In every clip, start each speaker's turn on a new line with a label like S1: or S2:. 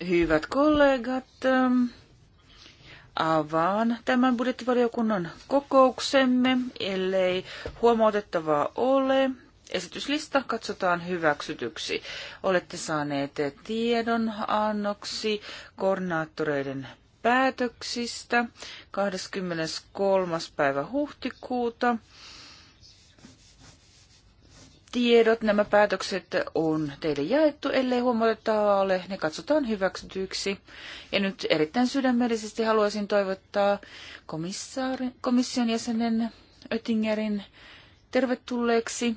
S1: Hyvät kollegat, ähm, avaan tämän budjettivaliokunnan kokouksemme, ellei huomautettavaa ole. Esityslista katsotaan hyväksytyksi. Olette saaneet tiedon annoksi koordinaattoreiden päätöksistä 23. päivä huhtikuuta. Tiedot, nämä päätökset on teille jaettu, ellei huomautettavaa ole, ne katsotaan hyväksytyksi. Ja nyt erittäin sydämellisesti haluaisin toivottaa komission jäsenen Oettingerin tervetulleeksi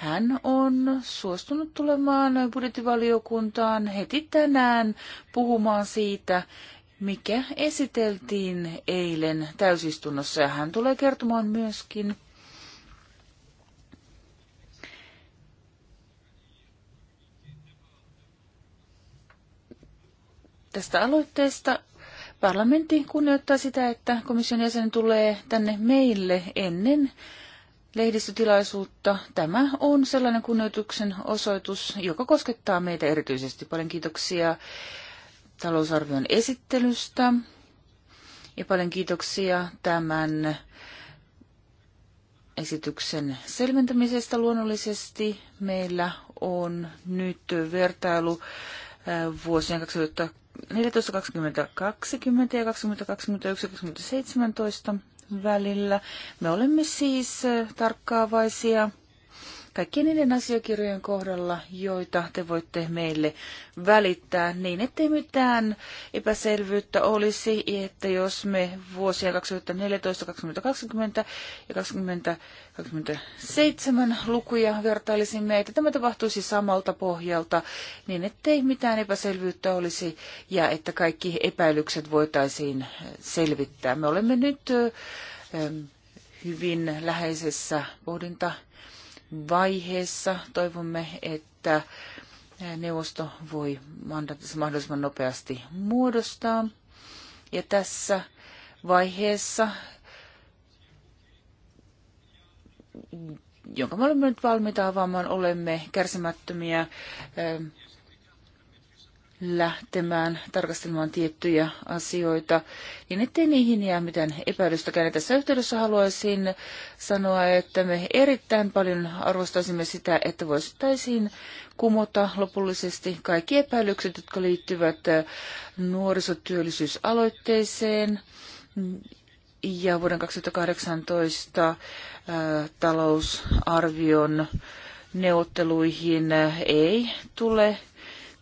S1: hän on suostunut tulemaan budjettivaliokuntaan heti tänään puhumaan siitä, mikä esiteltiin eilen täysistunnossa. Ja hän tulee kertomaan myöskin tästä aloitteesta. Parlamentti kunnioittaa sitä, että komission jäsen tulee tänne meille ennen lehdistötilaisuutta. Tämä on sellainen kunnioituksen osoitus, joka koskettaa meitä erityisesti. Paljon kiitoksia talousarvion esittelystä ja paljon kiitoksia tämän esityksen selventämisestä. Luonnollisesti meillä on nyt vertailu äh, vuosien 2014, 2020 ja 2021, 2017 välillä. Me olemme siis eh, tarkkaavaisia kaikkien niiden asiakirjojen kohdalla, joita te voitte meille välittää niin, ettei mitään epäselvyyttä olisi, että jos me vuosia 2014, 2020 ja 2027 lukuja vertailisimme, että tämä tapahtuisi samalta pohjalta, niin ettei mitään epäselvyyttä olisi ja että kaikki epäilykset voitaisiin selvittää. Me olemme nyt hyvin läheisessä pohdinta vaiheessa. Toivomme, että neuvosto voi mahdollisimman nopeasti muodostaa. Ja tässä vaiheessa, jonka me olemme nyt valmiita avaamaan, olemme kärsimättömiä lähtemään tarkastelemaan tiettyjä asioita, niin ettei niihin jää mitään epäilystäkään. Ja tässä yhteydessä haluaisin sanoa, että me erittäin paljon arvostaisimme sitä, että voisittaisiin kumota lopullisesti kaikki epäilykset, jotka liittyvät äh, nuorisotyöllisyysaloitteeseen ja vuoden 2018 äh, talousarvion neuvotteluihin äh, ei tule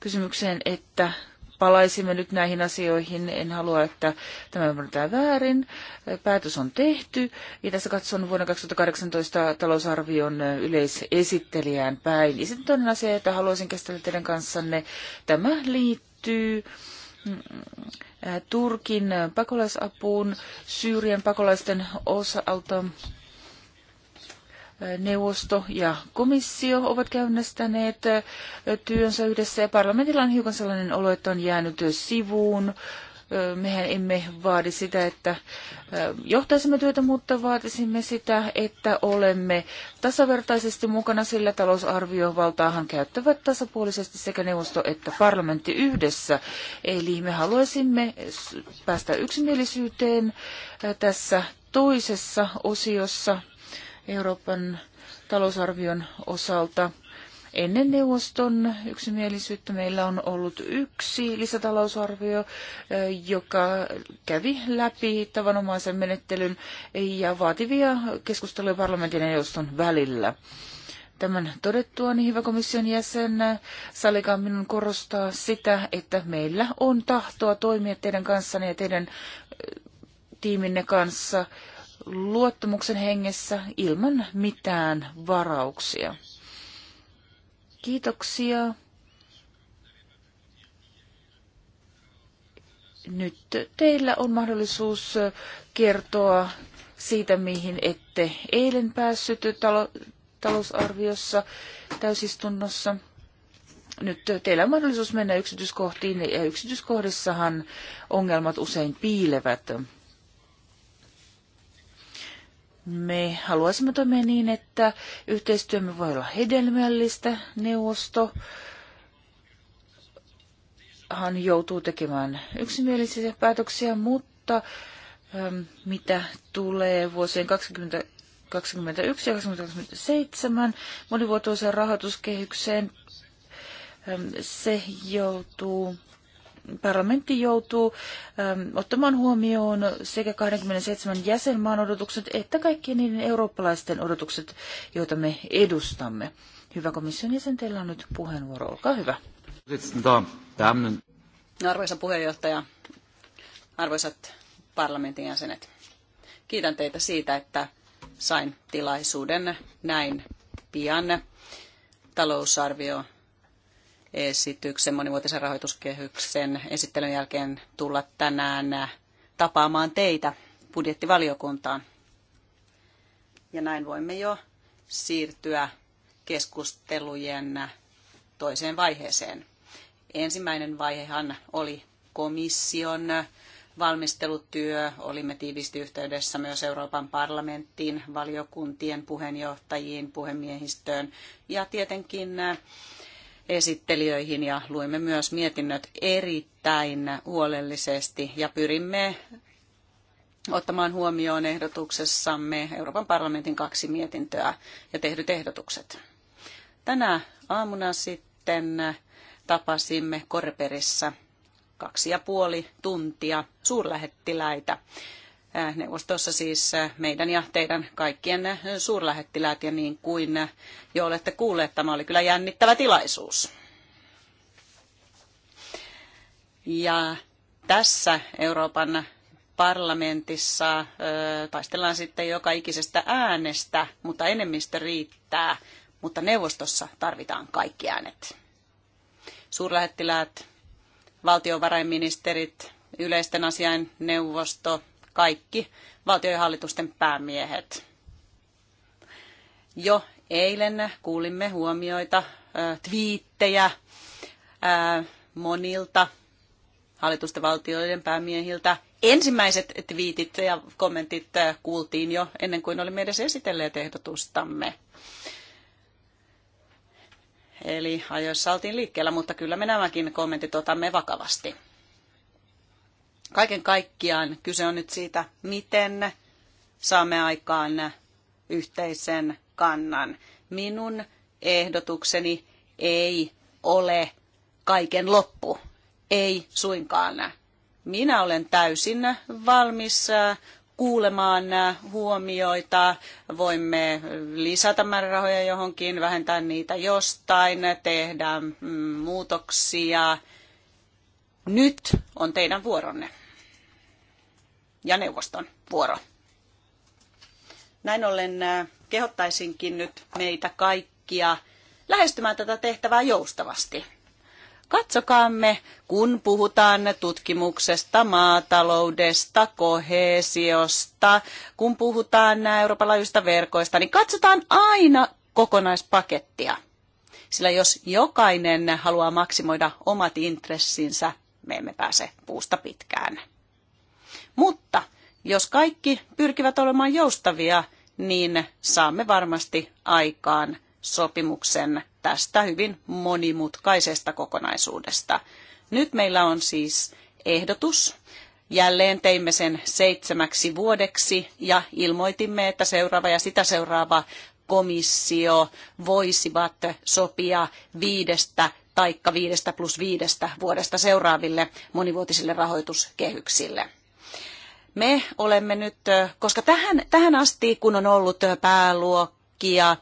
S1: kysymykseen, että palaisimme nyt näihin asioihin. En halua, että tämä ymmärretään väärin. Päätös on tehty. Ja tässä katson vuonna 2018 talousarvion yleisesittelijään päin. Ja sitten toinen asia, että haluaisin käsitellä teidän kanssanne. Tämä liittyy mm, Turkin pakolaisapuun Syyrian pakolaisten osalta neuvosto ja komissio ovat käynnistäneet työnsä yhdessä ja parlamentilla on hiukan sellainen olo, että on jäänyt sivuun. Mehän emme vaadi sitä, että johtaisimme työtä, mutta vaatisimme sitä, että olemme tasavertaisesti mukana, sillä talousarviovaltaahan käyttävät tasapuolisesti sekä neuvosto että parlamentti yhdessä. Eli me haluaisimme päästä yksimielisyyteen tässä toisessa osiossa Euroopan talousarvion osalta. Ennen neuvoston yksimielisyyttä meillä on ollut yksi lisätalousarvio, eh, joka kävi läpi tavanomaisen menettelyn ja vaativia keskusteluja parlamentin ja neuvoston välillä. Tämän todettua, niin hyvä komission jäsen, sallikaa minun korostaa sitä, että meillä on tahtoa toimia teidän kanssanne ja teidän eh, tiiminne kanssa luottamuksen hengessä ilman mitään varauksia. Kiitoksia. Nyt teillä on mahdollisuus kertoa siitä, mihin ette eilen päässyt talo- talousarviossa täysistunnossa. Nyt teillä on mahdollisuus mennä yksityiskohtiin, ja yksityiskohdissahan ongelmat usein piilevät. Me haluaisimme toimia niin, että yhteistyömme voi olla hedelmällistä. Neuvosto hän joutuu tekemään yksimielisiä päätöksiä, mutta ähm, mitä tulee vuosien 2021 ja 2027 monivuotoiseen rahoituskehykseen. Ähm, se joutuu parlamentti joutuu ähm, ottamaan huomioon sekä 27 jäsenmaan odotukset että kaikkien niiden eurooppalaisten odotukset, joita me edustamme. Hyvä komission jäsen, teillä on nyt puheenvuoro. Olkaa hyvä.
S2: Arvoisa puheenjohtaja, arvoisat parlamentin jäsenet, kiitän teitä siitä, että sain tilaisuuden näin pian talousarvio esityksen monivuotisen rahoituskehyksen esittelyn jälkeen tulla tänään tapaamaan teitä budjettivaliokuntaan. Ja näin voimme jo siirtyä keskustelujen toiseen vaiheeseen. Ensimmäinen vaihehan oli komission valmistelutyö. Olimme tiivisti yhteydessä myös Euroopan parlamenttiin, valiokuntien puheenjohtajiin, puhemiehistöön ja tietenkin esittelijöihin ja luimme myös mietinnöt erittäin huolellisesti ja pyrimme ottamaan huomioon ehdotuksessamme Euroopan parlamentin kaksi mietintöä ja tehdyt ehdotukset. Tänä aamuna sitten tapasimme Korperissä kaksi ja puoli tuntia suurlähettiläitä neuvostossa siis meidän ja teidän kaikkien suurlähettiläät ja niin kuin jo olette kuulleet, tämä oli kyllä jännittävä tilaisuus. Ja tässä Euroopan parlamentissa taistellaan sitten joka ikisestä äänestä, mutta enemmistö riittää, mutta neuvostossa tarvitaan kaikki äänet. Suurlähettiläät, valtiovarainministerit, yleisten asiain neuvosto, kaikki valtioiden hallitusten päämiehet. Jo eilen kuulimme huomioita, twiittejä monilta hallitusten valtioiden päämiehiltä. Ensimmäiset twiitit ja kommentit kuultiin jo ennen kuin olimme edes esitelleet ehdotustamme. Eli ajoissa oltiin liikkeellä, mutta kyllä me nämäkin kommentit otamme vakavasti. Kaiken kaikkiaan kyse on nyt siitä, miten saamme aikaan yhteisen kannan. Minun ehdotukseni ei ole kaiken loppu. Ei suinkaan. Minä olen täysin valmis äh, kuulemaan äh, huomioita, voimme äh, lisätä määrärahoja johonkin, vähentää niitä jostain, tehdä mm, muutoksia. Nyt on teidän vuoronne ja neuvoston vuoro. Näin ollen äh, kehottaisinkin nyt meitä kaikkia lähestymään tätä tehtävää joustavasti. Katsokaamme, kun puhutaan tutkimuksesta, maataloudesta, kohesiosta, kun puhutaan Euroopan laajuista verkoista, niin katsotaan aina kokonaispakettia. Sillä jos jokainen haluaa maksimoida omat intressinsä, me emme pääse puusta pitkään. Mutta jos kaikki pyrkivät olemaan joustavia, niin saamme varmasti aikaan sopimuksen tästä hyvin monimutkaisesta kokonaisuudesta. Nyt meillä on siis ehdotus. Jälleen teimme sen seitsemäksi vuodeksi ja ilmoitimme, että seuraava ja sitä seuraava komissio voisivat sopia viidestä taikka viidestä plus viidestä vuodesta seuraaville monivuotisille rahoituskehyksille. Me olemme nyt, koska tähän, tähän asti kun on ollut pääluokkia,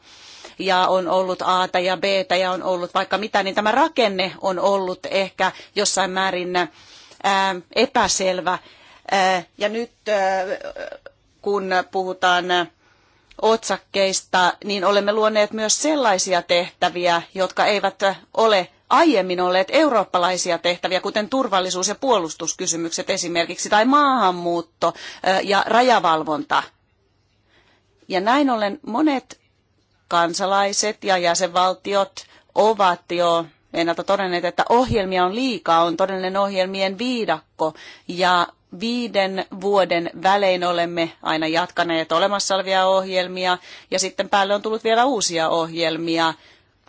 S2: ja on ollut a ja b ja on ollut vaikka mitä, niin tämä rakenne on ollut ehkä jossain määrin ää, epäselvä. Ää, ja nyt ää, kun puhutaan otsakkeista, niin olemme luoneet myös sellaisia tehtäviä, jotka eivät ole aiemmin olleet eurooppalaisia tehtäviä, kuten turvallisuus- ja puolustuskysymykset esimerkiksi, tai maahanmuutto ja rajavalvonta. Ja näin ollen monet kansalaiset ja jäsenvaltiot ovat jo ennalta todenneet, että ohjelmia on liikaa, on todellinen ohjelmien viidakko ja viiden vuoden välein olemme aina jatkaneet olemassa olevia ohjelmia ja sitten päälle on tullut vielä uusia ohjelmia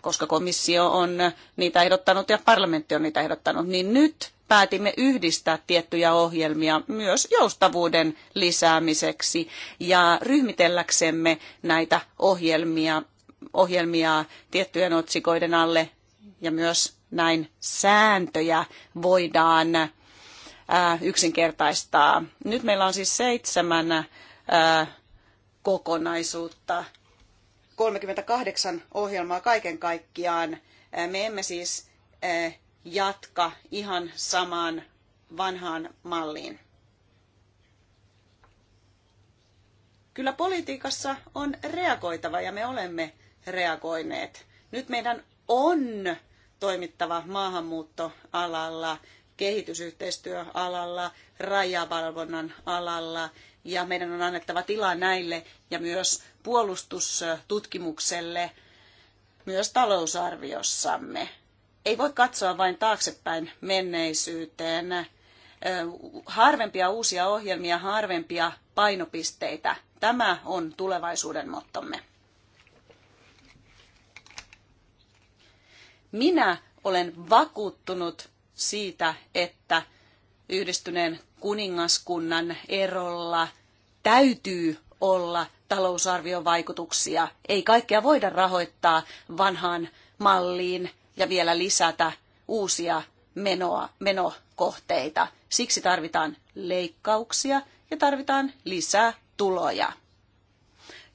S2: koska komissio on niitä ehdottanut ja parlamentti on niitä ehdottanut, niin nyt päätimme yhdistää tiettyjä ohjelmia myös joustavuuden lisäämiseksi ja ryhmitelläksemme näitä ohjelmia, ohjelmia tiettyjen otsikoiden alle ja myös näin sääntöjä voidaan äh, yksinkertaistaa. Nyt meillä on siis seitsemän äh, kokonaisuutta 38 ohjelmaa kaiken kaikkiaan. Me emme siis jatka ihan samaan vanhaan malliin. Kyllä politiikassa on reagoitava ja me olemme reagoineet. Nyt meidän on toimittava maahanmuuttoalalla, kehitysyhteistyöalalla, rajavalvonnan alalla ja meidän on annettava tilaa näille ja myös puolustustutkimukselle myös talousarviossamme. Ei voi katsoa vain taaksepäin menneisyyteen. Harvempia uusia ohjelmia, harvempia painopisteitä. Tämä on tulevaisuuden mottomme. Minä olen vakuuttunut siitä, että yhdistyneen kuningaskunnan erolla – täytyy olla talousarvion vaikutuksia. Ei kaikkea voida rahoittaa vanhaan malliin ja vielä lisätä uusia menoa, menokohteita. Siksi tarvitaan leikkauksia ja tarvitaan lisää tuloja.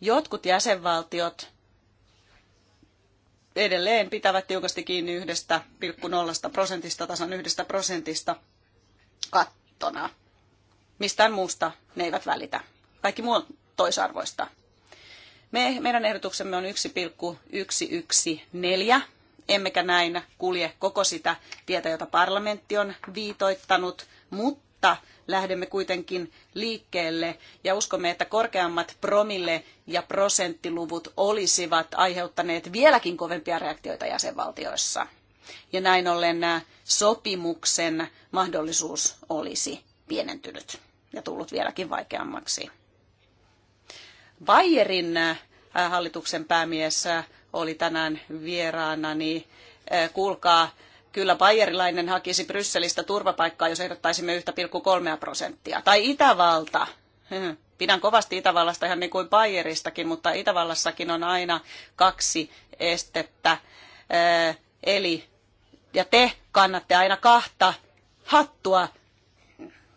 S2: Jotkut jäsenvaltiot edelleen pitävät tiukasti kiinni 1,0 prosentista, tasan yhdestä prosentista kattona. Mistään muusta ne eivät välitä kaikki muu on toisarvoista. Me, meidän ehdotuksemme on 1,114, emmekä näin kulje koko sitä tietä, jota parlamentti on viitoittanut, mutta lähdemme kuitenkin liikkeelle ja uskomme, että korkeammat promille- ja prosenttiluvut olisivat aiheuttaneet vieläkin kovempia reaktioita jäsenvaltioissa. Ja näin ollen äh, sopimuksen mahdollisuus olisi pienentynyt ja tullut vieläkin vaikeammaksi. Bayerin äh, hallituksen päämies äh, oli tänään vieraana, niin äh, kuulkaa, kyllä bayerilainen hakisi Brysselistä turvapaikkaa, jos ehdottaisimme 1,3 prosenttia. Tai Itävalta. Pidän kovasti Itävallasta ihan niin kuin Bayeristakin, mutta Itävallassakin on aina kaksi estettä. Eli, ja te kannatte aina kahta hattua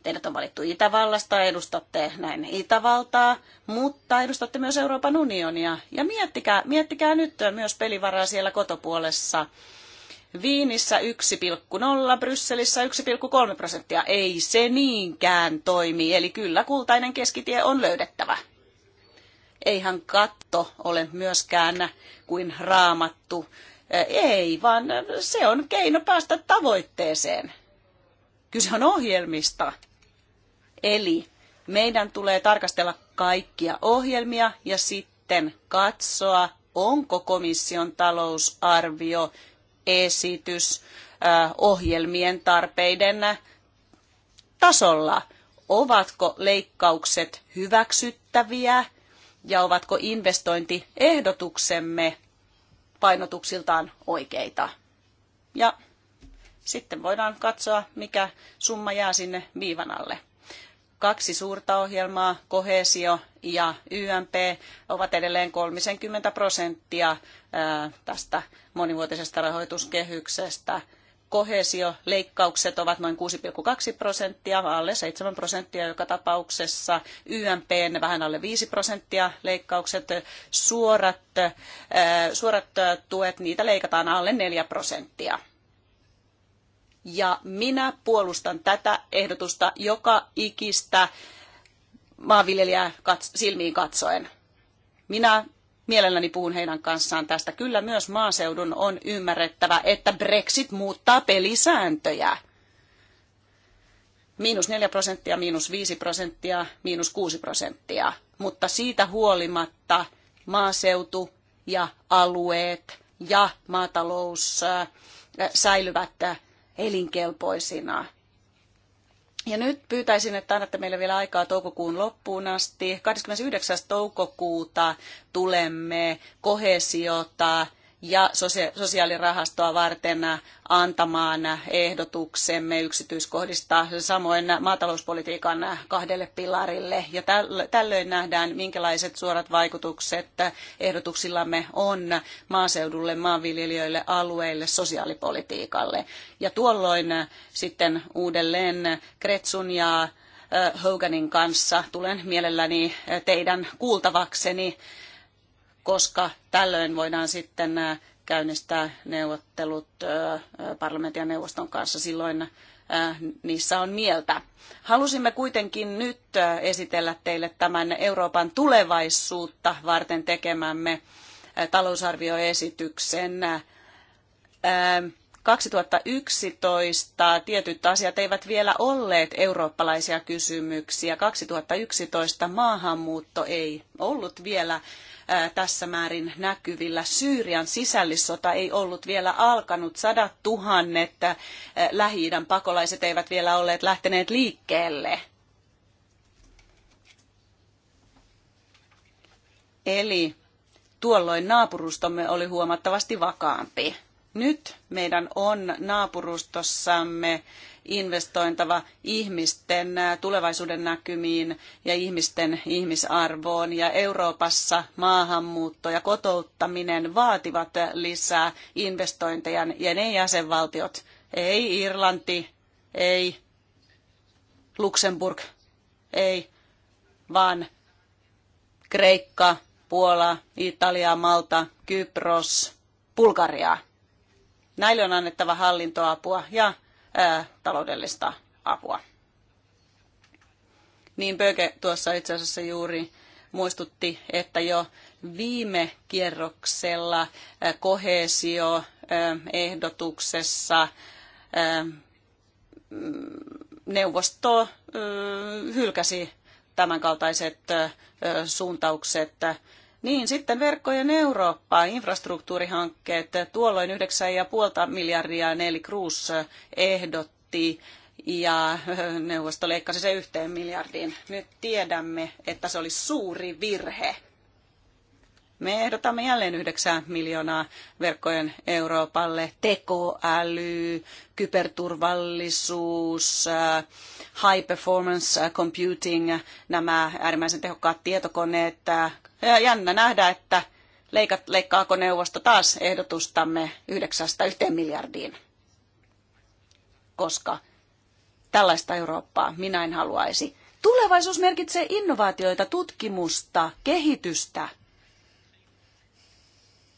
S2: Teidät on valittu Itävallasta, edustatte näin Itävaltaa, mutta edustatte myös Euroopan unionia. Ja miettikää, miettikää nyt myös pelivaraa siellä kotopuolessa. Viinissä 1,0, Brysselissä 1,3 prosenttia. Ei se niinkään toimi, eli kyllä kultainen keskitie on löydettävä. Eihän katto ole myöskään kuin raamattu. Ei, vaan se on keino päästä tavoitteeseen. Kyse on ohjelmista. Eli meidän tulee tarkastella kaikkia ohjelmia ja sitten katsoa, onko komission talousarvio esitys ohjelmien tarpeiden tasolla. Ovatko leikkaukset hyväksyttäviä ja ovatko investointiehdotuksemme painotuksiltaan oikeita? Ja sitten voidaan katsoa, mikä summa jää sinne viivan alle. Kaksi suurta ohjelmaa, kohesio ja YMP, ovat edelleen 30 prosenttia tästä monivuotisesta rahoituskehyksestä. Kohesioleikkaukset ovat noin 6,2 prosenttia, alle 7 prosenttia joka tapauksessa. YMP vähän alle 5 prosenttia leikkaukset. Suorat, suorat tuet, niitä leikataan alle 4 prosenttia. Ja minä puolustan tätä ehdotusta joka ikistä maanviljelijää kats- silmiin katsoen. Minä mielelläni puhun heidän kanssaan tästä. Kyllä myös maaseudun on ymmärrettävä, että Brexit muuttaa pelisääntöjä. Miinus 4 prosenttia, miinus 5 prosenttia, miinus 6 prosenttia. Mutta siitä huolimatta maaseutu ja alueet ja maatalous äh, säilyvät elinkelpoisina. Ja nyt pyytäisin, että annatte meille vielä aikaa toukokuun loppuun asti. 29. toukokuuta tulemme kohesiota ja sosiaalirahastoa varten antamaan ehdotuksemme yksityiskohdista samoin maatalouspolitiikan kahdelle pilarille. Ja tällöin nähdään, minkälaiset suorat vaikutukset ehdotuksillamme on maaseudulle, maanviljelijöille, alueille, sosiaalipolitiikalle. Ja tuolloin sitten uudelleen Kretsun ja Hoganin kanssa tulen mielelläni teidän kuultavakseni koska tällöin voidaan sitten äh, käynnistää neuvottelut äh, äh, parlamentin ja neuvoston kanssa. Silloin niissä on mieltä. Halusimme kuitenkin nyt esitellä teille tämän Euroopan tulevaisuutta varten tekemämme talousarvioesityksen. 2011 tietyt asiat eivät vielä olleet eurooppalaisia kysymyksiä. 2011 maahanmuutto ei ollut vielä tässä määrin näkyvillä. Syyrian sisällissota ei ollut vielä alkanut. Sadat tuhannet lähi pakolaiset eivät vielä olleet lähteneet liikkeelle. Eli tuolloin naapurustomme oli huomattavasti vakaampi. Nyt meidän on naapurustossamme investointava ihmisten tulevaisuuden näkymiin ja ihmisten ihmisarvoon. Ja Euroopassa maahanmuutto ja kotouttaminen vaativat lisää investointeja ja ne jäsenvaltiot, ei Irlanti, ei Luxemburg, ei, vaan Kreikka, Puola, Italia, Malta, Kypros, Bulgaria. Näille on annettava hallintoapua ja taloudellista apua. Niin Böke tuossa itse asiassa juuri muistutti, että jo viime kierroksella koheesioehdotuksessa mm, neuvosto hylkäsi tämänkaltaiset suuntaukset niin, sitten verkkojen Eurooppa, infrastruktuurihankkeet, tuolloin 9,5 miljardia Neli Cruz ehdotti ja neuvosto leikkasi se yhteen miljardiin. Nyt tiedämme, että se oli suuri virhe. Me ehdotamme jälleen 9 miljoonaa verkkojen Euroopalle tekoäly, kyberturvallisuus, high performance computing, nämä äärimmäisen tehokkaat tietokoneet, jännä nähdä, että leikat, leikkaako neuvosto taas ehdotustamme 9-1 miljardiin, koska tällaista Eurooppaa minä en haluaisi. Tulevaisuus merkitsee innovaatioita, tutkimusta, kehitystä.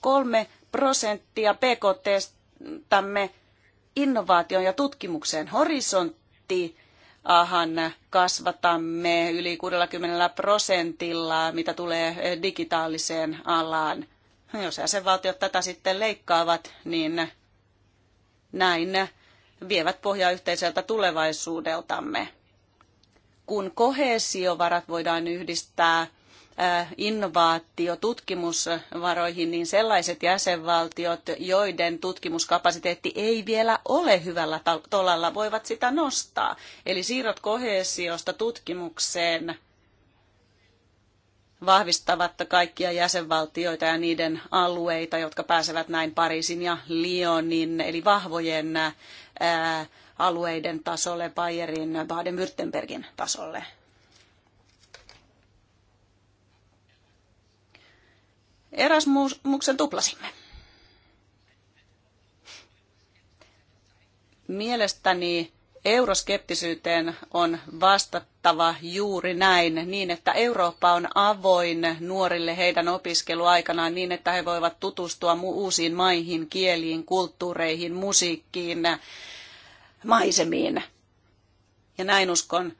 S2: Kolme prosenttia tämme innovaation ja tutkimukseen horisontti ahan kasvatamme yli 60 prosentilla, mitä tulee digitaaliseen alaan. Jos jäsenvaltiot tätä sitten leikkaavat, niin näin vievät pohjaa yhteiseltä tulevaisuudeltamme. Kun kohesiovarat voidaan yhdistää innovaatio tutkimusvaroihin, niin sellaiset jäsenvaltiot, joiden tutkimuskapasiteetti ei vielä ole hyvällä tolalla, voivat sitä nostaa. Eli siirrot kohesiosta tutkimukseen vahvistavat kaikkia jäsenvaltioita ja niiden alueita, jotka pääsevät näin Pariisin ja Lyonin, eli vahvojen ää, alueiden tasolle, Bayerin, Baden-Württembergin tasolle. Erasmuksen tuplasimme. Mielestäni euroskeptisyyteen on vastattava juuri näin, niin että Eurooppa on avoin nuorille heidän opiskeluaikanaan niin, että he voivat tutustua uusiin maihin, kieliin, kulttuureihin, musiikkiin, maisemiin. Ja näin uskon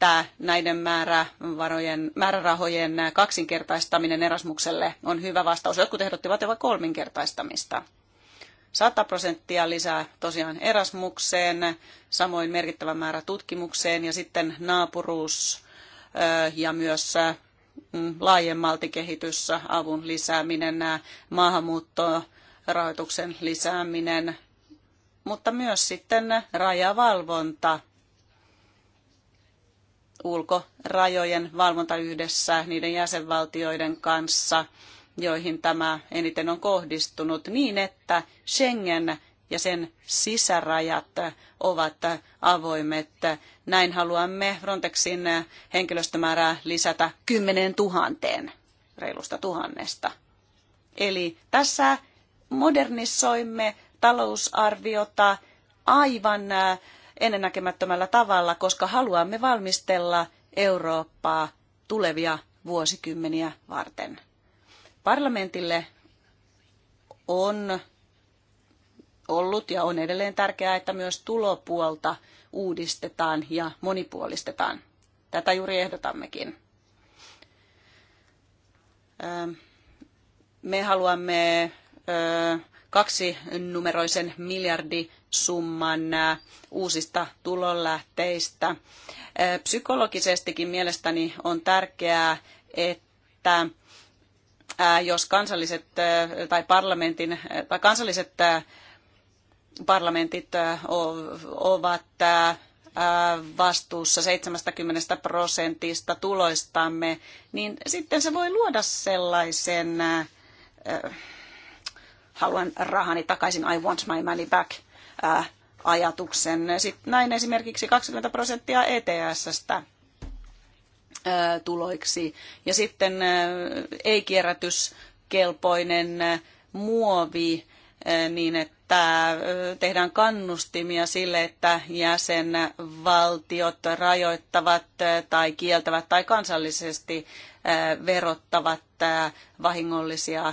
S2: että näiden määrävarojen, määrärahojen kaksinkertaistaminen Erasmukselle on hyvä vastaus. Jotkut ehdottivat jopa kolminkertaistamista. 100 prosenttia lisää tosiaan Erasmukseen, samoin merkittävä määrä tutkimukseen ja sitten naapuruus ja myös mm, laajemmalti kehityssä avun lisääminen, maahanmuuttorahoituksen lisääminen, mutta myös sitten rajavalvonta ulkorajojen valvonta yhdessä niiden jäsenvaltioiden kanssa, joihin tämä eniten on kohdistunut, niin että Schengen ja sen sisärajat ovat avoimet. Näin haluamme Frontexin henkilöstömäärää lisätä kymmeneen tuhanteen, reilusta tuhannesta. Eli tässä modernisoimme talousarviota aivan äh, ennennäkemättömällä tavalla, koska haluamme valmistella Eurooppaa tulevia vuosikymmeniä varten. Parlamentille on ollut ja on edelleen tärkeää, että myös tulopuolta uudistetaan ja monipuolistetaan. Tätä juuri ehdotammekin. Öö, me haluamme öö, kaksi numeroisen miljardi summan äh, uusista tulonlähteistä. Äh, psykologisestikin mielestäni on tärkeää, että äh, jos kansalliset tai parlamentin tai kansalliset parlamentit ovat vastuussa 70 prosentista tuloistamme, niin sitten se voi luoda sellaisen haluan rahani takaisin, I want my money back ajatuksen. Sitten näin esimerkiksi 20 prosenttia ETS-stä tuloiksi. Ja sitten ei-kierrätyskelpoinen muovi niin, että tehdään kannustimia sille, että jäsenvaltiot rajoittavat tai kieltävät tai kansallisesti verottavat vahingollisia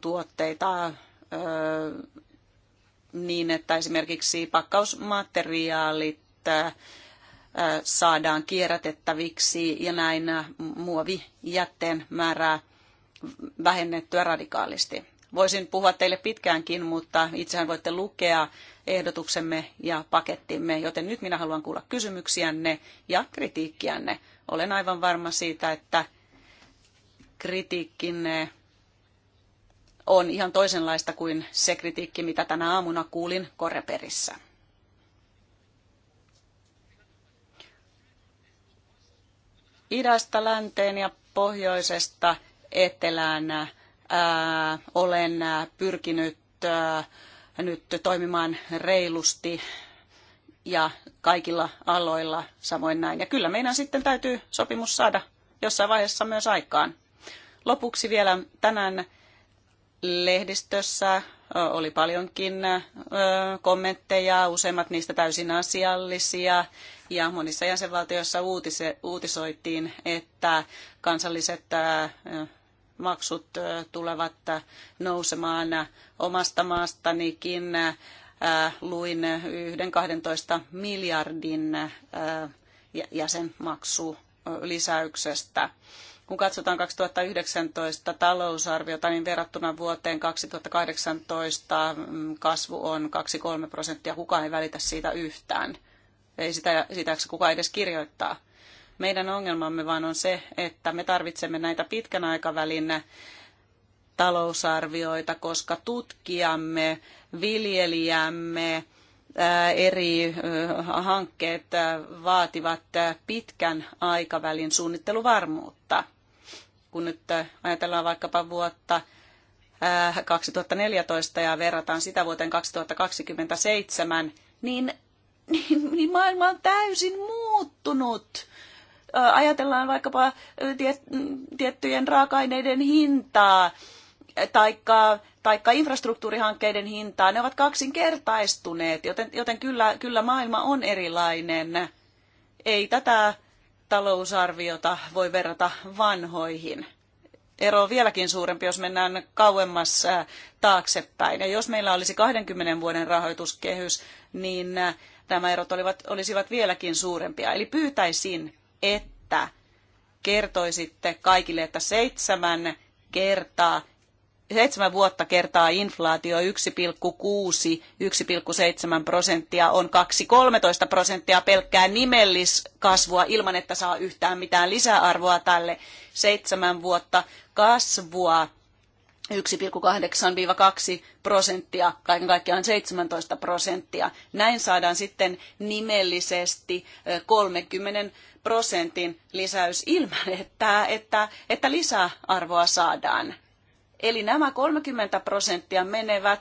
S2: tuotteita niin, että esimerkiksi pakkausmateriaalit äh, saadaan kierrätettäviksi ja näin muovijätteen määrää vähennettyä radikaalisti. Voisin puhua teille pitkäänkin, mutta itsehän voitte lukea ehdotuksemme ja pakettimme, joten nyt minä haluan kuulla kysymyksiänne ja kritiikkiänne. Olen aivan varma siitä, että kritiikkinne on ihan toisenlaista kuin se kritiikki, mitä tänä aamuna kuulin Koreperissä. Idästä länteen ja pohjoisesta etelään ää, olen pyrkinyt ää, nyt toimimaan reilusti ja kaikilla aloilla samoin näin. Ja kyllä meidän sitten täytyy sopimus saada jossain vaiheessa myös aikaan. Lopuksi vielä tänään lehdistössä oli paljonkin kommentteja, useimmat niistä täysin asiallisia. Ja monissa jäsenvaltioissa uutise, uutisoitiin, että kansalliset maksut tulevat nousemaan omasta maastanikin. Luin yhden 12 miljardin jäsenmaksulisäyksestä. lisäyksestä kun katsotaan 2019 talousarviota, niin verrattuna vuoteen 2018 mm, kasvu on 2-3 prosenttia. Kukaan ei välitä siitä yhtään. Ei sitä, sitä kukaan edes kirjoittaa. Meidän ongelmamme vaan on se, että me tarvitsemme näitä pitkän aikavälin talousarvioita, koska tutkijamme, viljelijämme, eri hankkeet vaativat pitkän aikavälin suunnitteluvarmuutta kun nyt äh, ajatellaan vaikkapa vuotta 2014 äh, ja verrataan sitä vuoteen 2027, niin, niin, niin maailma on täysin muuttunut. Äh, ajatellaan vaikkapa tiet, tiettyjen raaka-aineiden hintaa taikka, taikka infrastruktuurihankkeiden hintaa. Ne ovat kaksinkertaistuneet, joten, joten kyllä, kyllä maailma on erilainen. Ei tätä talousarviota voi verrata vanhoihin. Ero on vieläkin suurempi, jos mennään kauemmas taaksepäin. Ja jos meillä olisi 20 vuoden rahoituskehys, niin nämä erot olivat, olisivat vieläkin suurempia. Eli pyytäisin, että kertoisitte kaikille, että seitsemän kertaa seitsemän vuotta kertaa inflaatio 1,6, 1,7 prosenttia on 2,13 prosenttia pelkkää nimelliskasvua ilman, että saa yhtään mitään lisäarvoa tälle seitsemän vuotta kasvua. 1,8-2 prosenttia, kaiken kaikkiaan 17 prosenttia. Näin saadaan sitten nimellisesti 30 prosentin lisäys ilman, että, että, että lisäarvoa saadaan. Eli nämä 30 prosenttia menevät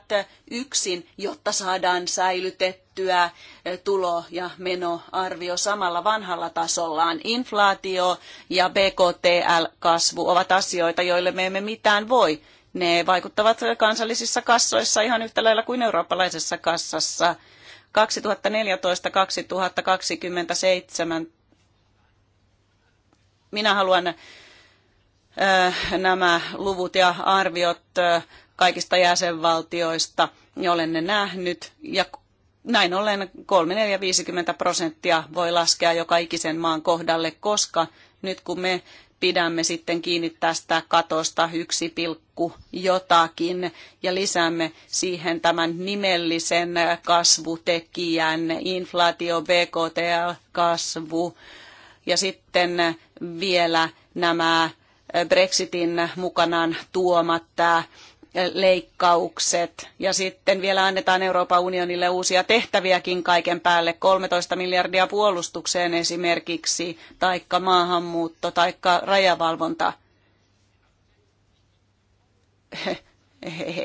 S2: yksin, jotta saadaan säilytettyä eh, tulo- ja menoarvio samalla vanhalla tasollaan. Inflaatio ja BKTL-kasvu ovat asioita, joille me emme mitään voi. Ne vaikuttavat kansallisissa kassoissa ihan yhtä lailla kuin eurooppalaisessa kassassa. 2014-2027 minä haluan nämä luvut ja arviot kaikista jäsenvaltioista, niin olen ne nähnyt. Ja näin ollen 3, 4, 50 prosenttia voi laskea joka ikisen maan kohdalle, koska nyt kun me pidämme sitten kiinni tästä katosta yksi pilkku jotakin ja lisäämme siihen tämän nimellisen kasvutekijän, inflaatio, BKT, kasvu ja sitten vielä nämä Brexitin mukanaan tuomat leikkaukset. Ja sitten vielä annetaan Euroopan unionille uusia tehtäviäkin kaiken päälle, 13 miljardia puolustukseen esimerkiksi, taikka maahanmuutto, taikka rajavalvonta.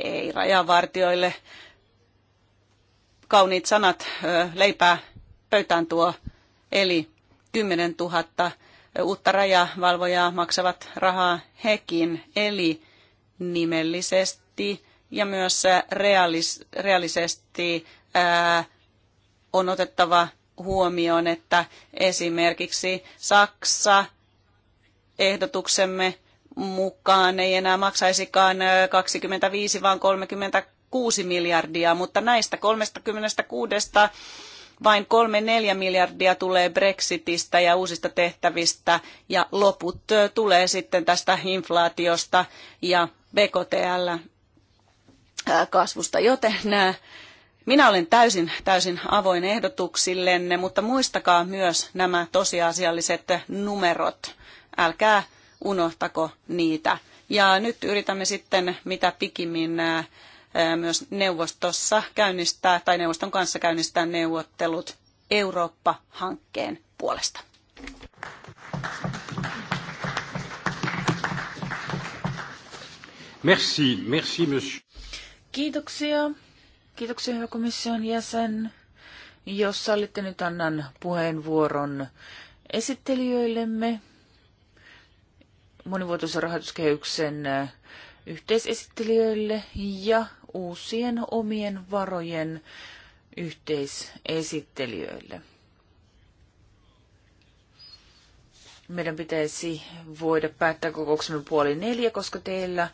S2: Ei rajavartioille kauniit sanat leipää pöytään tuo, eli 10 000 uutta rajavalvojaa maksavat rahaa hekin, eli nimellisesti ja myös realis, realisesti ää, on otettava huomioon, että esimerkiksi Saksa ehdotuksemme mukaan ei enää maksaisikaan 25 vaan 36 miljardia, mutta näistä 36 vain 3-4 miljardia tulee Brexitistä ja uusista tehtävistä ja loput tulee sitten tästä inflaatiosta ja BKTL kasvusta, joten minä olen täysin, täysin avoin ehdotuksillenne, mutta muistakaa myös nämä tosiasialliset numerot. Älkää unohtako niitä. Ja nyt yritämme sitten mitä pikimmin myös neuvostossa käynnistää tai neuvoston kanssa käynnistää neuvottelut Eurooppa-hankkeen puolesta.
S1: Merci, merci, monsieur. Kiitoksia. Kiitoksia, hyvä komission jäsen. Jos sallitte, nyt annan puheenvuoron esittelijöillemme monivuotoisen rahoituskehyksen yhteisesittelijöille ja uusien omien varojen yhteisesittelijöille. Meidän pitäisi voida päättää kokouksen puoli neljä, koska teillä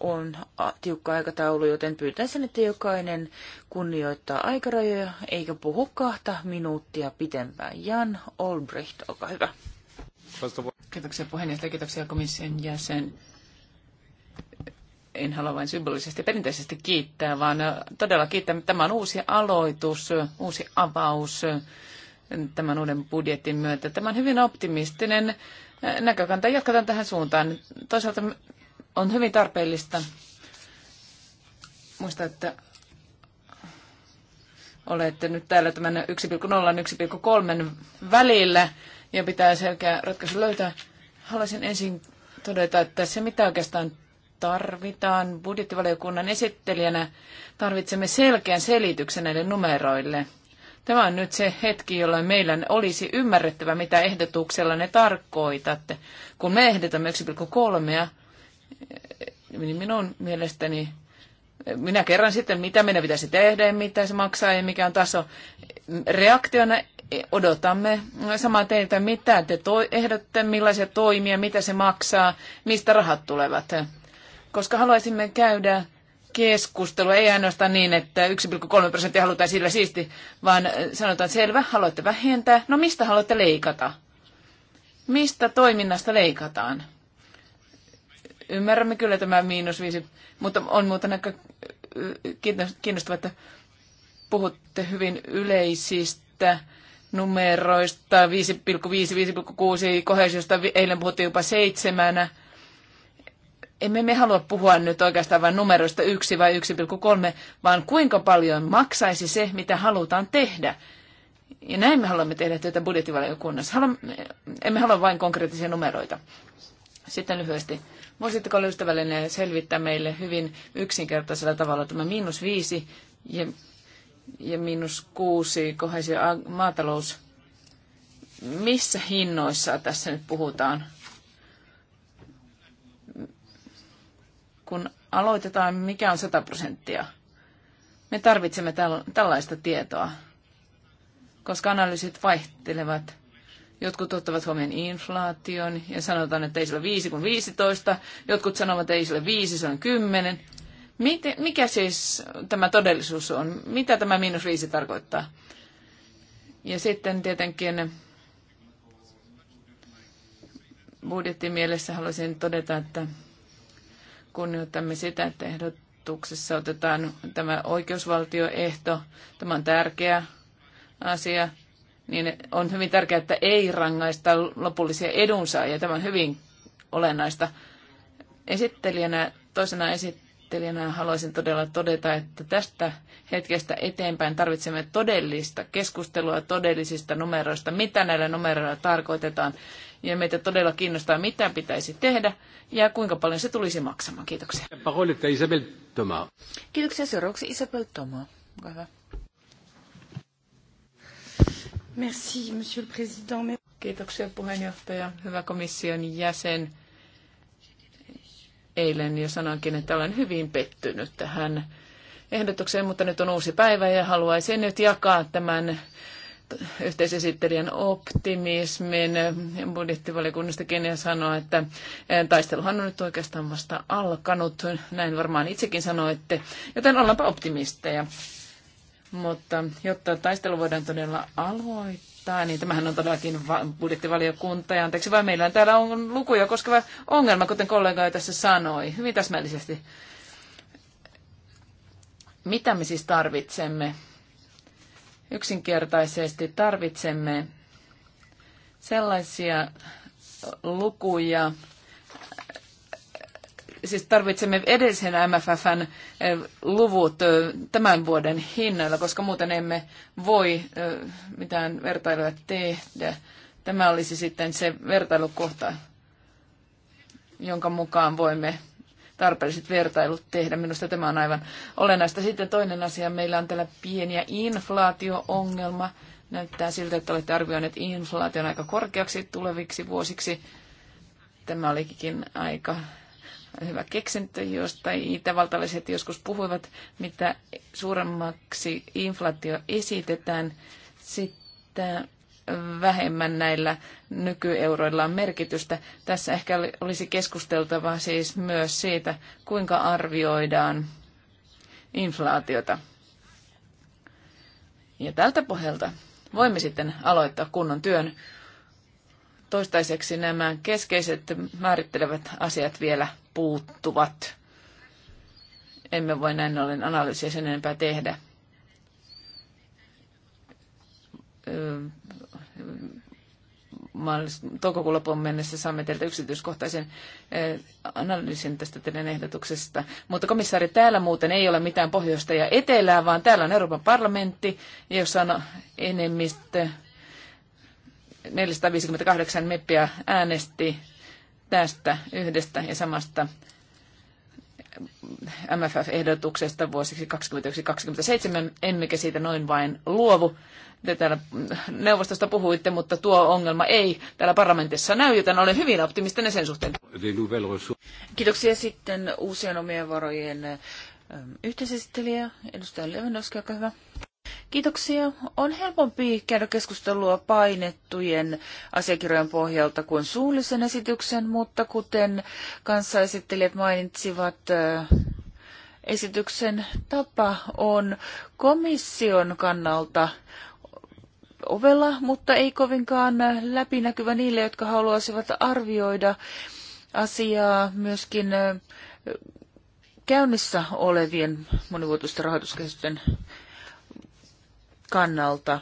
S1: on tiukka aikataulu, joten pyytäisin, että jokainen kunnioittaa aikarajoja eikä puhu kahta minuuttia pitempään. Jan Olbricht, olkaa hyvä. Kiitoksia puheenjohtaja, kiitoksia komission jäsen en
S3: halua vain symbolisesti perinteisesti kiittää, vaan äh, todella kiittää. Tämä on uusi aloitus, äh, uusi avaus äh, tämän uuden budjetin myötä. Tämä on hyvin optimistinen näkökanta. Jatketaan tähän suuntaan. Toisaalta on hyvin tarpeellista muistaa, että olette nyt täällä tämän 1,0 1,3 välillä ja pitää selkeä ratkaisu löytää. Haluaisin ensin todeta, että se mitä oikeastaan tarvitaan budjettivaliokunnan esittelijänä. Tarvitsemme selkeän selityksen näille numeroille. Tämä on nyt se hetki, jolloin meillä olisi ymmärrettävä, mitä ehdotuksella ne tarkoitatte. Kun me ehdotamme 1,3, niin minun mielestäni minä kerron sitten, mitä meidän pitäisi tehdä ja mitä se maksaa ja mikä on taso. Reaktiona odotamme samaa teiltä, mitä te to- ehdotte, millaisia toimia, mitä se maksaa, mistä rahat tulevat koska haluaisimme käydä keskustelua, ei ainoastaan niin, että 1,3 prosenttia halutaan sillä siisti, vaan äh, sanotaan selvä, haluatte vähentää, no mistä haluatte leikata? Mistä toiminnasta leikataan? Ymmärrämme kyllä tämä miinus viisi, mutta on muuten aika äh, kiinnostavaa, että puhutte hyvin yleisistä numeroista, 5,5, 5,6, kohesiosta eilen puhuttiin jopa seitsemänä emme me halua puhua nyt oikeastaan vain numeroista 1 vai 1,3, vaan kuinka paljon maksaisi se, mitä halutaan tehdä. Ja näin me haluamme tehdä työtä budjettivaliokunnassa. Haluamme, emme halua vain konkreettisia numeroita. Sitten lyhyesti. Voisitteko ystävällinen selvittää meille hyvin yksinkertaisella tavalla tämä miinus viisi ja, ja miinus kuusi kohesio maatalous? Missä hinnoissa tässä nyt puhutaan? kun aloitetaan, mikä on 100 prosenttia. Me tarvitsemme täl- tällaista tietoa, koska analyysit vaihtelevat. Jotkut ottavat huomioon inflaation ja sanotaan, että ei sillä 5 kuin 15. Jotkut sanovat, että ei sillä 5, se on 10. Miten, mikä siis tämä todellisuus on? Mitä tämä miinus 5 tarkoittaa? Ja sitten tietenkin budjettimielessä haluaisin todeta, että kunnioitamme sitä, että ehdotuksessa otetaan tämä oikeusvaltioehto. Tämä on tärkeä asia. Niin on hyvin tärkeää, että ei rangaista lopullisia edunsaajia. Tämä on hyvin olennaista. Esittelijänä, toisena esittelijänä haluaisin todella todeta, että tästä hetkestä eteenpäin tarvitsemme todellista keskustelua todellisista numeroista, mitä näillä numeroilla tarkoitetaan ja meitä todella kiinnostaa, mitä pitäisi tehdä ja kuinka paljon se tulisi maksamaan. Kiitoksia.
S1: Isabel Kiitoksia seuraavaksi Isabel Toma. Hyvä. Merci, monsieur le président. Kiitoksia puheenjohtaja, hyvä
S3: komission jäsen. Eilen jo sanoinkin, että olen hyvin pettynyt tähän ehdotukseen, mutta nyt on uusi päivä ja haluaisin nyt jakaa tämän yhteisesittelijän optimismin. Budjettivaliokunnastakin ja sanoa, että eh, taisteluhan on nyt oikeastaan vasta alkanut. Näin varmaan itsekin sanoitte, joten ollaanpa optimisteja. Mutta jotta taistelu voidaan todella aloittaa, niin tämähän on todellakin va- budjettivaliokunta. Ja anteeksi vai meillä on täällä on lukuja koskeva ongelma, kuten kollega jo tässä sanoi, hyvin täsmällisesti. Mitä me siis tarvitsemme? Yksinkertaisesti tarvitsemme sellaisia lukuja, siis tarvitsemme edellisen MFFn luvut tämän vuoden hinnoilla, koska muuten emme voi mitään vertailuja tehdä. Tämä olisi sitten se vertailukohta, jonka mukaan voimme tarpeelliset vertailut tehdä. Minusta tämä on aivan olennaista. Sitten toinen asia, meillä on täällä pieniä inflaatio-ongelma. Näyttää siltä, että olette arvioineet inflaation aika korkeaksi tuleviksi vuosiksi. Tämä olikin aika hyvä keksintö, josta itävaltalaiset joskus puhuivat, mitä suuremmaksi inflaatio esitetään, sitten vähemmän näillä nykyeuroilla on merkitystä. Tässä ehkä olisi keskusteltava siis myös siitä, kuinka arvioidaan inflaatiota. Ja tältä pohjalta voimme sitten aloittaa kunnon työn. Toistaiseksi nämä keskeiset määrittelevät asiat vielä puuttuvat. Emme voi näin ollen analyysiä sen enempää tehdä maalis- toukokuun lopun mennessä saamme teiltä yksityiskohtaisen eh, analyysin tästä teidän ehdotuksesta. Mutta komissaari, täällä muuten ei ole mitään pohjoista ja etelää, vaan täällä on Euroopan parlamentti, jossa on enemmistö 458 meppiä äänesti tästä yhdestä ja samasta MFF-ehdotuksesta vuosiksi 2021-2027, emmekä siitä noin vain luovu, te täällä neuvostosta puhuitte, mutta tuo ongelma ei täällä parlamentissa näy, joten
S1: olen hyvin optimistinen sen suhteen. Kiitoksia sitten uusien omien varojen yhteisesittelijä, edustaja Levenoski, olkaa hyvä. Kiitoksia. On helpompi käydä keskustelua painettujen asiakirjojen pohjalta kuin suullisen esityksen, mutta kuten kanssaesittelijät mainitsivat, esityksen tapa on komission kannalta ovella, mutta ei kovinkaan läpinäkyvä niille, jotka haluaisivat arvioida asiaa myöskin käynnissä olevien monivuotisten rahoituskehysten kannalta.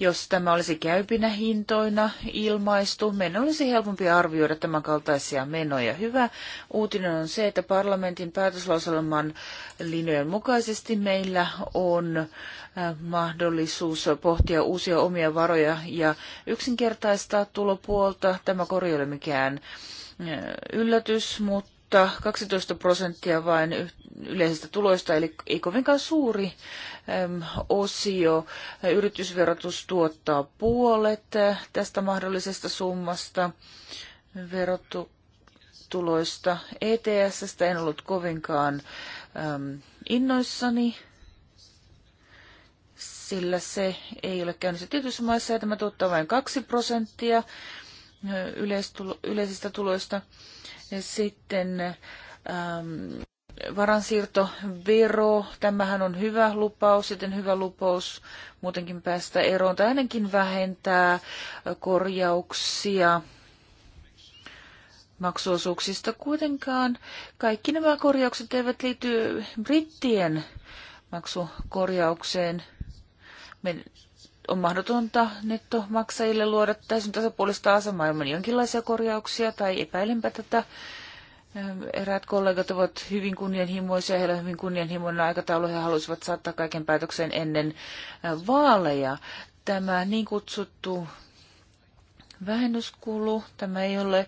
S1: Jos tämä olisi käypinä hintoina ilmaistu, meidän olisi helpompi arvioida tämän kaltaisia menoja. Hyvä uutinen on se, että parlamentin päätöslauselman linjojen mukaisesti meillä on äh, mahdollisuus pohtia uusia omia varoja ja yksinkertaistaa tulopuolta. Tämä korjaa mikään äh, yllätys, mutta mutta 12 prosenttia vain yleisistä tuloista, eli ei kovinkaan suuri äm, osio. Yritysverotus tuottaa puolet äh, tästä mahdollisesta summasta verotuloista. ETS en ollut kovinkaan äm, innoissani, sillä se ei ole käynnissä tietyissä maissa, ja tämä tuottaa vain 2 prosenttia äh, yleisistä tuloista. Sitten ähm, varansiirtovero, tämähän on hyvä lupaus, sitten hyvä lupaus muutenkin päästä eroon tai ainakin vähentää korjauksia maksuosuuksista. Kuitenkaan kaikki nämä korjaukset eivät liity brittien maksukorjaukseen. Me on mahdotonta nettomaksajille luoda täysin tasapuolista asemaa ilman jonkinlaisia korjauksia tai epäilenpä tätä. Ehm, eräät kollegat ovat hyvin kunnianhimoisia, heillä on hyvin kunnianhimoinen aikataulu, he haluaisivat saattaa kaiken päätöksen ennen äh, vaaleja. Tämä niin kutsuttu vähennyskulu, tämä ei ole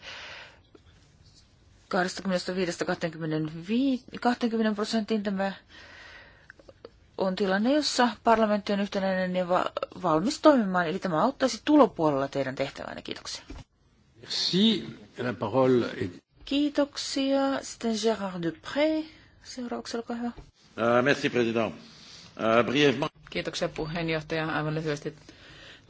S1: 25-20 prosentin tämä on tilanne, jossa parlamentti on yhtenäinen ja va- valmis toimimaan. Eli tämä auttaisi tulopuolella teidän tehtävänä. Kiitoksia. Merci. La parole est... Kiitoksia. Sitten Gérard Dupré. Seuraavaksi, olkaa hyvä. Uh, merci, président. Uh, brièvement.
S3: Kiitoksia puheenjohtaja. Aivan lyhyesti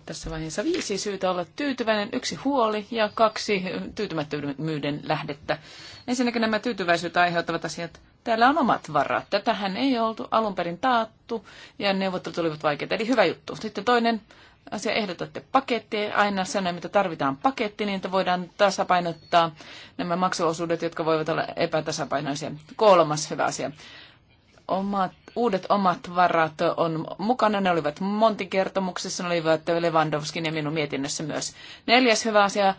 S3: tässä vaiheessa viisi syytä olla tyytyväinen, yksi huoli ja kaksi tyytymättömyyden lähdettä. Ensinnäkin nämä tyytyväisyyttä aiheuttavat asiat täällä on omat varat. Tätähän ei oltu alun perin taattu ja neuvottelut olivat vaikeita. Eli hyvä juttu. Sitten toinen asia, ehdotatte paketti, Aina sanoin, mitä tarvitaan paketti, niin että voidaan tasapainottaa nämä maksuosuudet, jotka voivat olla epätasapainoisia. Kolmas hyvä asia. Omat, uudet omat varat on mukana. Ne olivat Montin kertomuksessa, ne olivat Lewandowskin ja minun mietinnössä myös. Neljäs hyvä asia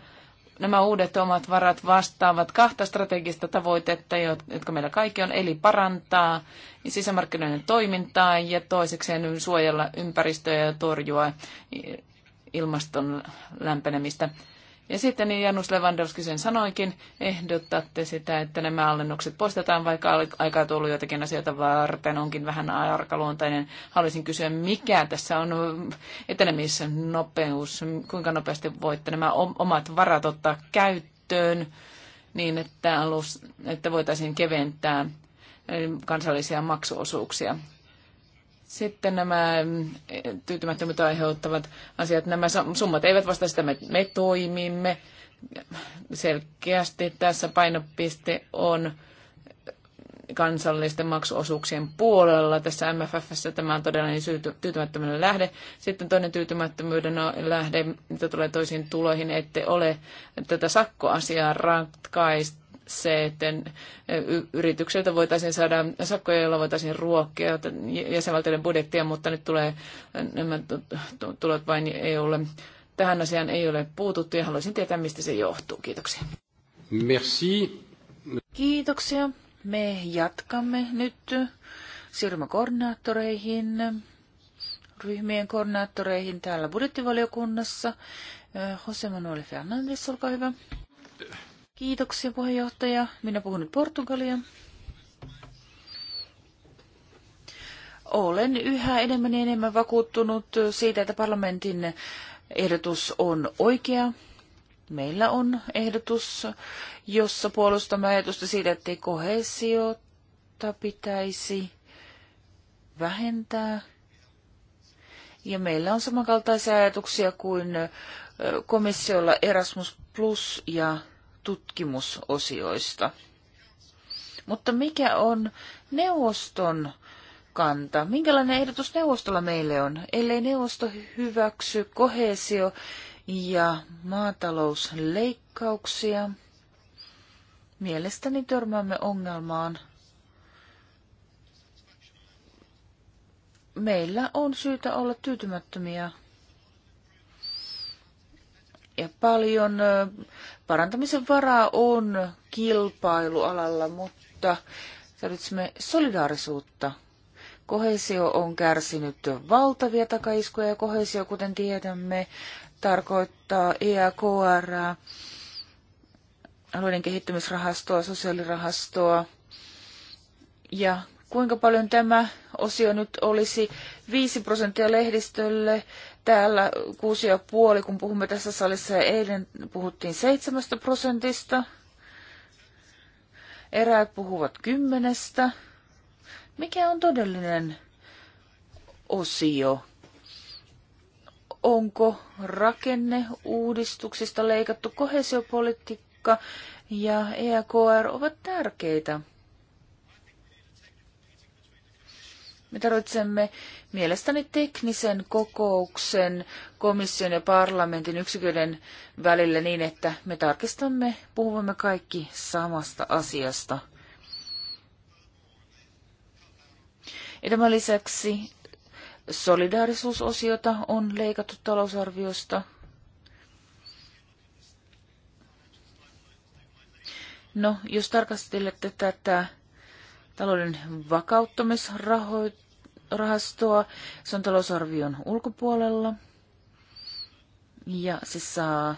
S3: Nämä uudet omat varat vastaavat kahta strategista tavoitetta, jotka meillä kaikki on, eli parantaa sisämarkkinoiden toimintaa ja toisekseen suojella ympäristöä ja torjua ilmaston lämpenemistä. Ja sitten niin Janus Lewandowski sen sanoikin, ehdottatte sitä, että nämä alennukset poistetaan, vaikka aikaa tullut jotakin asioita varten, onkin vähän arkaluontainen. Haluaisin kysyä, mikä tässä on etenemisen nopeus, kuinka nopeasti voitte nämä omat varat ottaa käyttöön, niin että, alus, että voitaisiin keventää kansallisia maksuosuuksia. Sitten nämä mm, tyytymättömyyttä aiheuttavat asiat, nämä summat eivät vasta sitä, me, me toimimme. Selkeästi tässä painopiste on kansallisten maksuosuuksien puolella. Tässä MFFssä tämä on todella niin tyytymättömyyden lähde. Sitten toinen tyytymättömyyden lähde, mitä tulee toisiin tuloihin, ette ole tätä sakkoasiaa ratkaista se, että yritykseltä voitaisiin saada sakkoja, joilla voitaisiin ruokkia jäsenvaltioiden budjettia, mutta nyt tulee nämä tulot vain EUlle. Tähän asiaan ei ole puututtu ja haluaisin tietää, mistä se johtuu. Kiitoksia.
S1: Merci. Kiitoksia. Me jatkamme nyt. Siirrymme koordinaattoreihin, ryhmien koordinaattoreihin täällä budjettivaliokunnassa. Jose Manuel Fernandes, olkaa hyvä. Kiitoksia puheenjohtaja. Minä puhun nyt Portugalia. Olen yhä enemmän ja enemmän vakuuttunut siitä, että parlamentin ehdotus on oikea. Meillä on ehdotus, jossa puolustamme ajatusta siitä, että kohesiota pitäisi vähentää. Ja meillä on samankaltaisia ajatuksia kuin komissiolla Erasmus Plus ja tutkimusosioista. Mutta mikä on neuvoston kanta? Minkälainen ehdotus neuvostolla meille on, ellei neuvosto hyväksy kohesio ja maatalousleikkauksia? Mielestäni törmäämme ongelmaan. Meillä on syytä olla tyytymättömiä ja paljon Parantamisen varaa on kilpailualalla, mutta tarvitsemme solidaarisuutta. Kohesio on kärsinyt valtavia takaiskuja ja kohesio, kuten tiedämme, tarkoittaa EAKR, alueiden kehittämisrahastoa, sosiaalirahastoa. Ja kuinka paljon tämä osio nyt olisi 5 prosenttia lehdistölle, täällä kuusi ja puoli, kun puhumme tässä salissa ja eilen puhuttiin seitsemästä prosentista. Eräät puhuvat kymmenestä. Mikä on todellinen osio? Onko rakenneuudistuksista leikattu kohesiopolitiikka ja EAKR ovat tärkeitä? Me tarvitsemme mielestäni teknisen kokouksen komission ja parlamentin yksiköiden välillä niin, että me tarkistamme, puhumme kaikki samasta asiasta. tämän lisäksi solidaarisuusosiota on leikattu talousarviosta. No, jos tarkastelette tätä talouden vakauttamisrahastoa. Se on talousarvion ulkopuolella ja se saa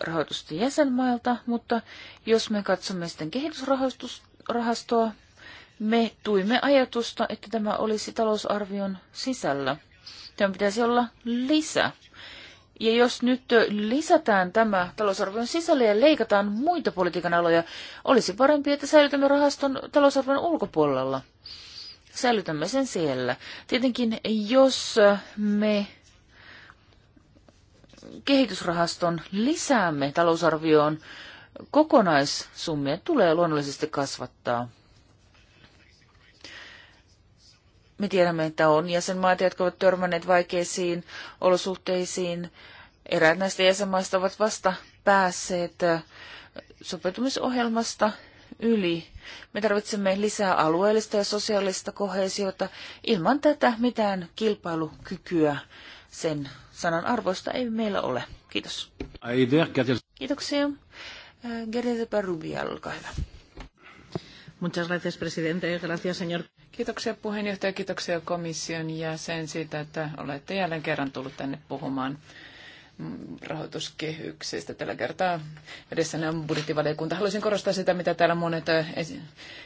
S1: rahoitusta jäsenmailta, mutta jos me katsomme sitten kehitysrahastoa, me tuimme ajatusta, että tämä olisi talousarvion sisällä. Tämä pitäisi olla lisä. Ja jos nyt lisätään tämä talousarvion sisälle ja leikataan muita politiikan aloja, olisi parempi, että säilytämme rahaston talousarvion ulkopuolella. Säilytämme sen siellä. Tietenkin, jos me kehitysrahaston lisäämme talousarvioon, kokonaissummia tulee luonnollisesti kasvattaa. Me tiedämme, että on jäsenmaita, jotka ovat törmänneet vaikeisiin olosuhteisiin. Eräät näistä jäsenmaista ovat vasta päässeet sopeutumisohjelmasta yli. Me tarvitsemme lisää alueellista ja sosiaalista kohesiota. Ilman tätä mitään kilpailukykyä sen sanan arvoista ei meillä ole. Kiitos. Kiitoksia. Gerdetepa Rubia, olkaa hyvä.
S3: Muchas gracias, presidente. Gracias, señor. Kiitoksia puheenjohtaja, kiitoksia komission jäsen siitä, että olette jälleen kerran tullut tänne puhumaan rahoituskehyksestä. Tällä kertaa edessä on budjettivaliokunta. Haluaisin korostaa sitä, mitä täällä monet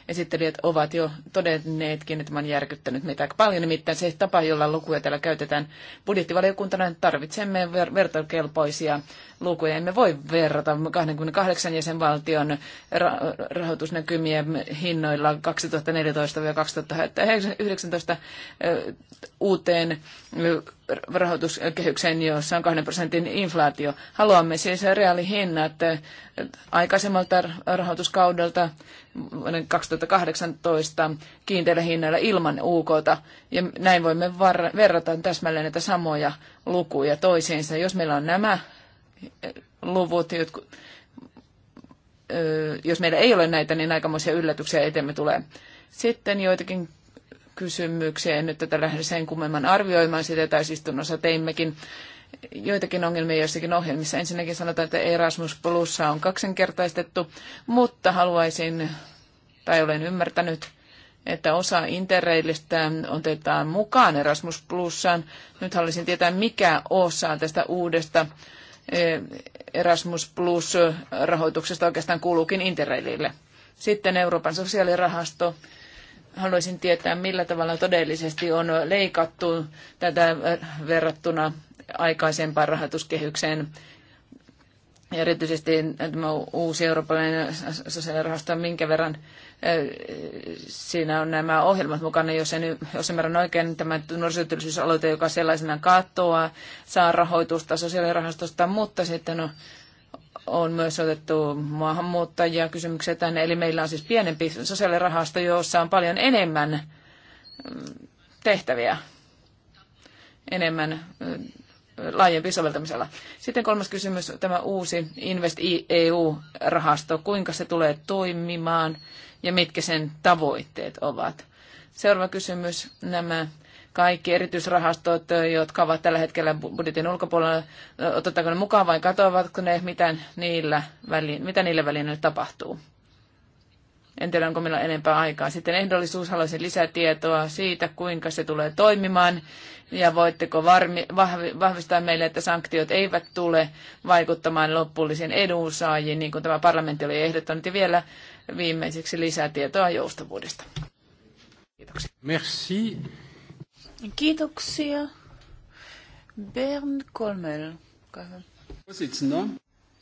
S3: esittelijät ovat jo todenneetkin, että olen järkyttänyt meitä paljon. Nimittäin se tapa, jolla lukuja täällä käytetään budjettivaliokuntana, tarvitsemme ver- vertailukelpoisia lukuja. Emme voi verrata 28 jäsenvaltion ra- rahoitusnäkymien hinnoilla 2014-2019 uuteen rahoituskehykseen, jossa on 2 prosentin inflaatio. Haluamme siis reaalihinnat eh, aikaisemmalta rahoituskaudelta vuoden 2018 kiinteillä hinnalla ilman UKta. Ja näin voimme var- verrata täsmälleen näitä samoja lukuja toisiinsa. Jos meillä on nämä eh, luvut, jotkut, eh, jos meillä ei ole näitä, niin aikamoisia yllätyksiä eteemme tulee. Sitten joitakin kysymykseen. Nyt tätä lähde sen kummemman arvioimaan sitä täysistunnossa teimmekin joitakin ongelmia joissakin ohjelmissa. Ensinnäkin sanotaan, että Erasmus Plussa on kaksinkertaistettu, mutta haluaisin, tai olen ymmärtänyt, että osa interreilistä otetaan mukaan Erasmus Plussaan. Nyt haluaisin tietää, mikä osa tästä uudesta e, Erasmus Plus-rahoituksesta oikeastaan kuuluukin interreilille. Sitten Euroopan sosiaalirahasto Haluaisin tietää, millä tavalla todellisesti on leikattu tätä äh, verrattuna aikaisempaan rahoituskehykseen. Erityisesti tämä uusi eurooppalainen sosiaalirahasto, minkä verran äh, siinä on nämä ohjelmat mukana, jos, en, jos ymmärrän oikein, niin tämä nuorisotyöllisyysaloite, joka sellaisena katoaa, saa rahoitusta sosiaalirahastosta, mutta sitten on on myös otettu maahanmuuttajia kysymyksiä tänne. Eli meillä on siis pienempi sosiaalirahasto, jossa on paljon enemmän mm, tehtäviä, enemmän mm, laajempi soveltamisella. Sitten kolmas kysymys, tämä uusi Invest EU-rahasto, kuinka se tulee toimimaan ja mitkä sen tavoitteet ovat. Seuraava kysymys, nämä kaikki erityisrahastot, jotka ovat tällä hetkellä budjetin ulkopuolella, otetaanko ne mukaan vai katoavatko ne, mitä niillä, väli, mitä niillä välineillä tapahtuu. En tiedä, onko meillä enempää aikaa. Sitten ehdollisuus, haluaisin lisätietoa siitä, kuinka se tulee toimimaan ja voitteko varmi, vahvi, vahvistaa meille, että sanktiot eivät tule vaikuttamaan loppullisiin edunsaajiin, niin kuin tämä parlamentti oli ehdottanut, ja vielä viimeiseksi lisätietoa joustavuudesta.
S1: Kiitoksia. Merci. Kiitoksia. Bern Kolmel,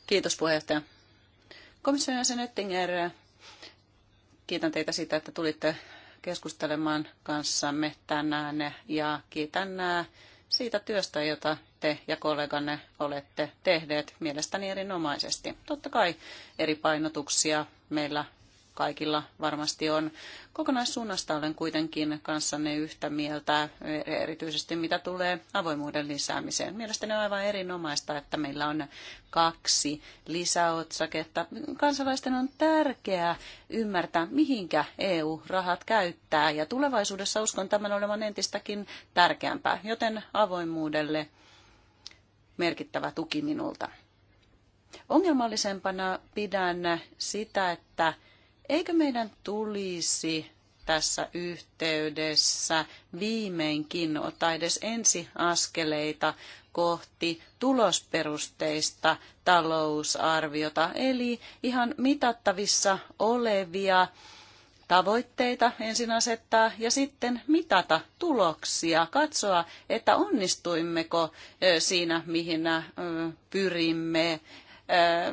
S2: Kiitos puheenjohtaja. Komission jäsen Oettinger, kiitän teitä siitä, että tulitte keskustelemaan kanssamme tänään ja kiitän äh, siitä työstä, jota te ja kolleganne olette tehneet mielestäni erinomaisesti. Totta kai eri painotuksia meillä kaikilla varmasti on. Kokonaissuunnasta olen kuitenkin kanssanne yhtä mieltä, erityisesti mitä tulee avoimuuden lisäämiseen. Mielestäni on aivan erinomaista, että meillä on kaksi lisäotsaketta. Kansalaisten on tärkeää ymmärtää, mihinkä EU-rahat käyttää, ja tulevaisuudessa uskon tämän olevan entistäkin tärkeämpää, joten avoimuudelle merkittävä tuki minulta. Ongelmallisempana pidän sitä, että Eikö meidän tulisi tässä yhteydessä viimeinkin ottaa edes ensiaskeleita kohti tulosperusteista talousarviota, eli ihan mitattavissa olevia tavoitteita ensin asettaa ja sitten mitata tuloksia, katsoa, että onnistuimmeko siinä, mihin pyrimme,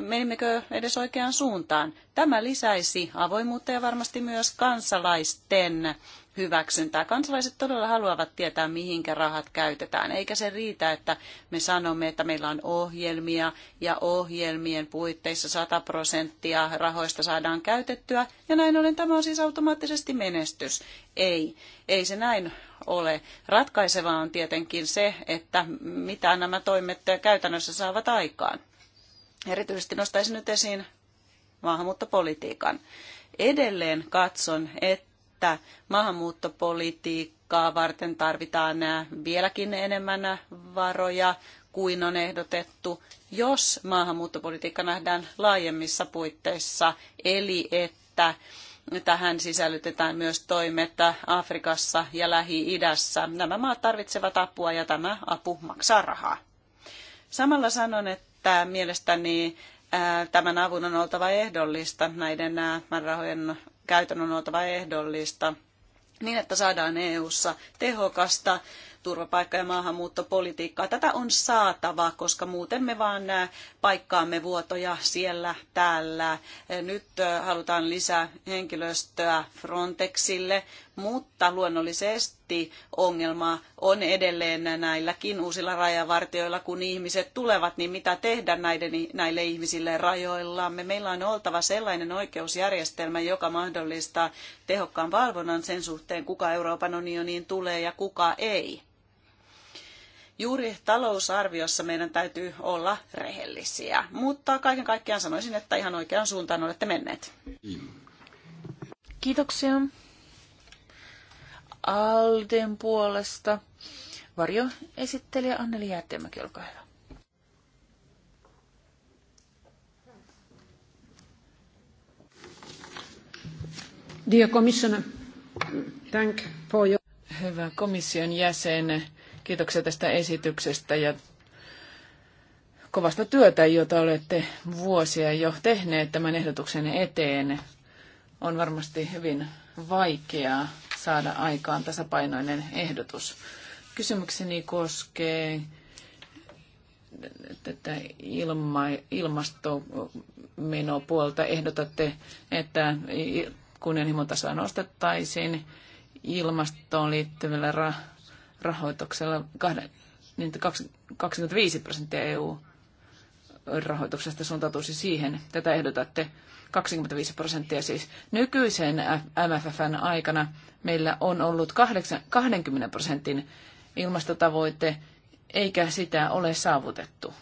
S2: menimmekö edes oikeaan suuntaan. Tämä lisäisi avoimuutta ja varmasti myös kansalaisten hyväksyntää. Kansalaiset todella haluavat tietää, mihinkä rahat käytetään, eikä se riitä, että me sanomme, että meillä on ohjelmia ja ohjelmien puitteissa 100 prosenttia rahoista saadaan käytettyä, ja näin ollen tämä on siis automaattisesti menestys. Ei, ei se näin ole. Ratkaisevaa on tietenkin se, että mitä nämä toimet käytännössä saavat aikaan. Erityisesti nostaisin nyt esiin maahanmuuttopolitiikan. Edelleen katson, että maahanmuuttopolitiikkaa varten tarvitaan vieläkin enemmän varoja kuin on ehdotettu, jos maahanmuuttopolitiikka nähdään laajemmissa puitteissa, eli että tähän sisällytetään myös toimet Afrikassa ja Lähi-idässä. Nämä maat tarvitsevat apua ja tämä apu maksaa rahaa. Samalla sanon, että että mielestäni tämän avun on oltava ehdollista, näiden määrärahojen käytön on oltava ehdollista, niin että saadaan EU-ssa tehokasta turvapaikka- ja maahanmuuttopolitiikkaa. Tätä on saatava, koska muuten me vaan paikkaamme vuotoja siellä täällä. Nyt halutaan lisää henkilöstöä Frontexille, mutta luonnollisesti ongelma on edelleen näilläkin uusilla rajavartioilla, kun ihmiset tulevat, niin mitä tehdä näiden, näille ihmisille rajoillamme. Meillä on oltava sellainen oikeusjärjestelmä, joka mahdollistaa tehokkaan valvonnan sen suhteen, kuka Euroopan unioniin tulee ja kuka ei. Juuri talousarviossa meidän täytyy olla rehellisiä, mutta kaiken kaikkiaan sanoisin, että ihan oikeaan suuntaan olette menneet.
S1: Kiitoksia. Alden puolesta varjoesittelijä Anneli Jäätteenmäki, olkaa hyvä.
S3: Dear Commissioner, thank for your... Hyvä komission jäsen, Kiitoksia tästä esityksestä ja kovasta työtä, jota olette vuosia jo tehneet tämän ehdotuksen eteen. On varmasti hyvin vaikeaa saada aikaan tasapainoinen ehdotus. Kysymykseni koskee tätä ilma, ilmastomenopuolta. Ehdotatte, että kunnianhimotasoa nostettaisiin ilmastoon liittyvillä rahoituksella, kahden, niin 25 prosenttia EU-rahoituksesta suuntautuisi siihen. Tätä ehdotatte 25 prosenttia siis. Nykyisen MFFn aikana meillä on ollut 20 prosentin ilmastotavoite, eikä sitä ole saavutettu.